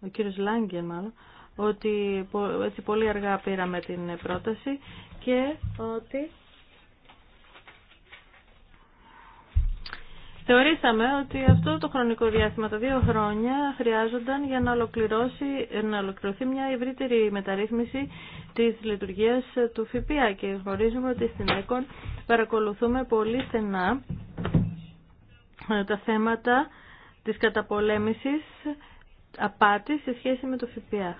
ο κύριος μάλλον, ότι έτσι πολύ αργά πήραμε την πρόταση και ότι Θεωρήσαμε ότι αυτό το χρονικό διάστημα, τα δύο χρόνια, χρειάζονταν για να, ολοκληρώσει, να ολοκληρωθεί μια ευρύτερη μεταρρύθμιση της λειτουργίας του ΦΠΑ και γνωρίζουμε ότι στην ΕΚΟΝ παρακολουθούμε πολύ στενά ε, τα θέματα της καταπολέμησης απάτης σε σχέση με το ΦΠΑ.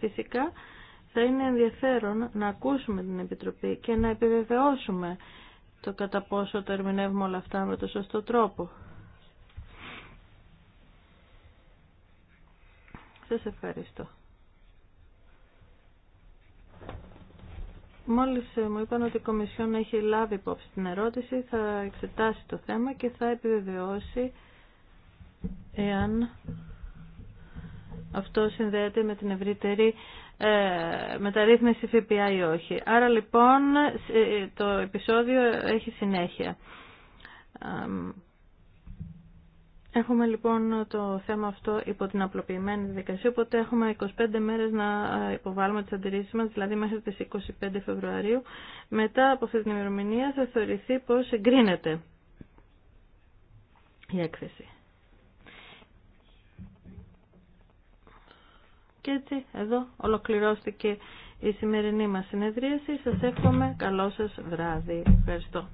Φυσικά θα είναι ενδιαφέρον να ακούσουμε την Επιτροπή και να επιβεβαιώσουμε το κατά πόσο το ερμηνεύουμε όλα αυτά με το σωστό τρόπο. Σας ευχαριστώ. Μόλις ε, μου είπαν ότι η Κομισιόν έχει λάβει υπόψη την ερώτηση, θα εξετάσει το θέμα και θα επιβεβαιώσει εάν αυτό συνδέεται με την ευρύτερη ε, μεταρρύθμιση ΦΠΑ ή όχι. Άρα λοιπόν ε, το επεισόδιο έχει συνέχεια. Έχουμε λοιπόν το θέμα αυτό υπό την απλοποιημένη δικασία, οπότε έχουμε 25 μέρες να ε, υποβάλουμε τις αντιρρήσεις μας, δηλαδή μέχρι τις 25 Φεβρουαρίου. Μετά από αυτή την ημερομηνία θα θεωρηθεί πως εγκρίνεται η έκθεση. Και έτσι εδώ ολοκληρώθηκε η σημερινή μας συνεδρίαση. Σας εύχομαι καλό σας βράδυ. Ευχαριστώ.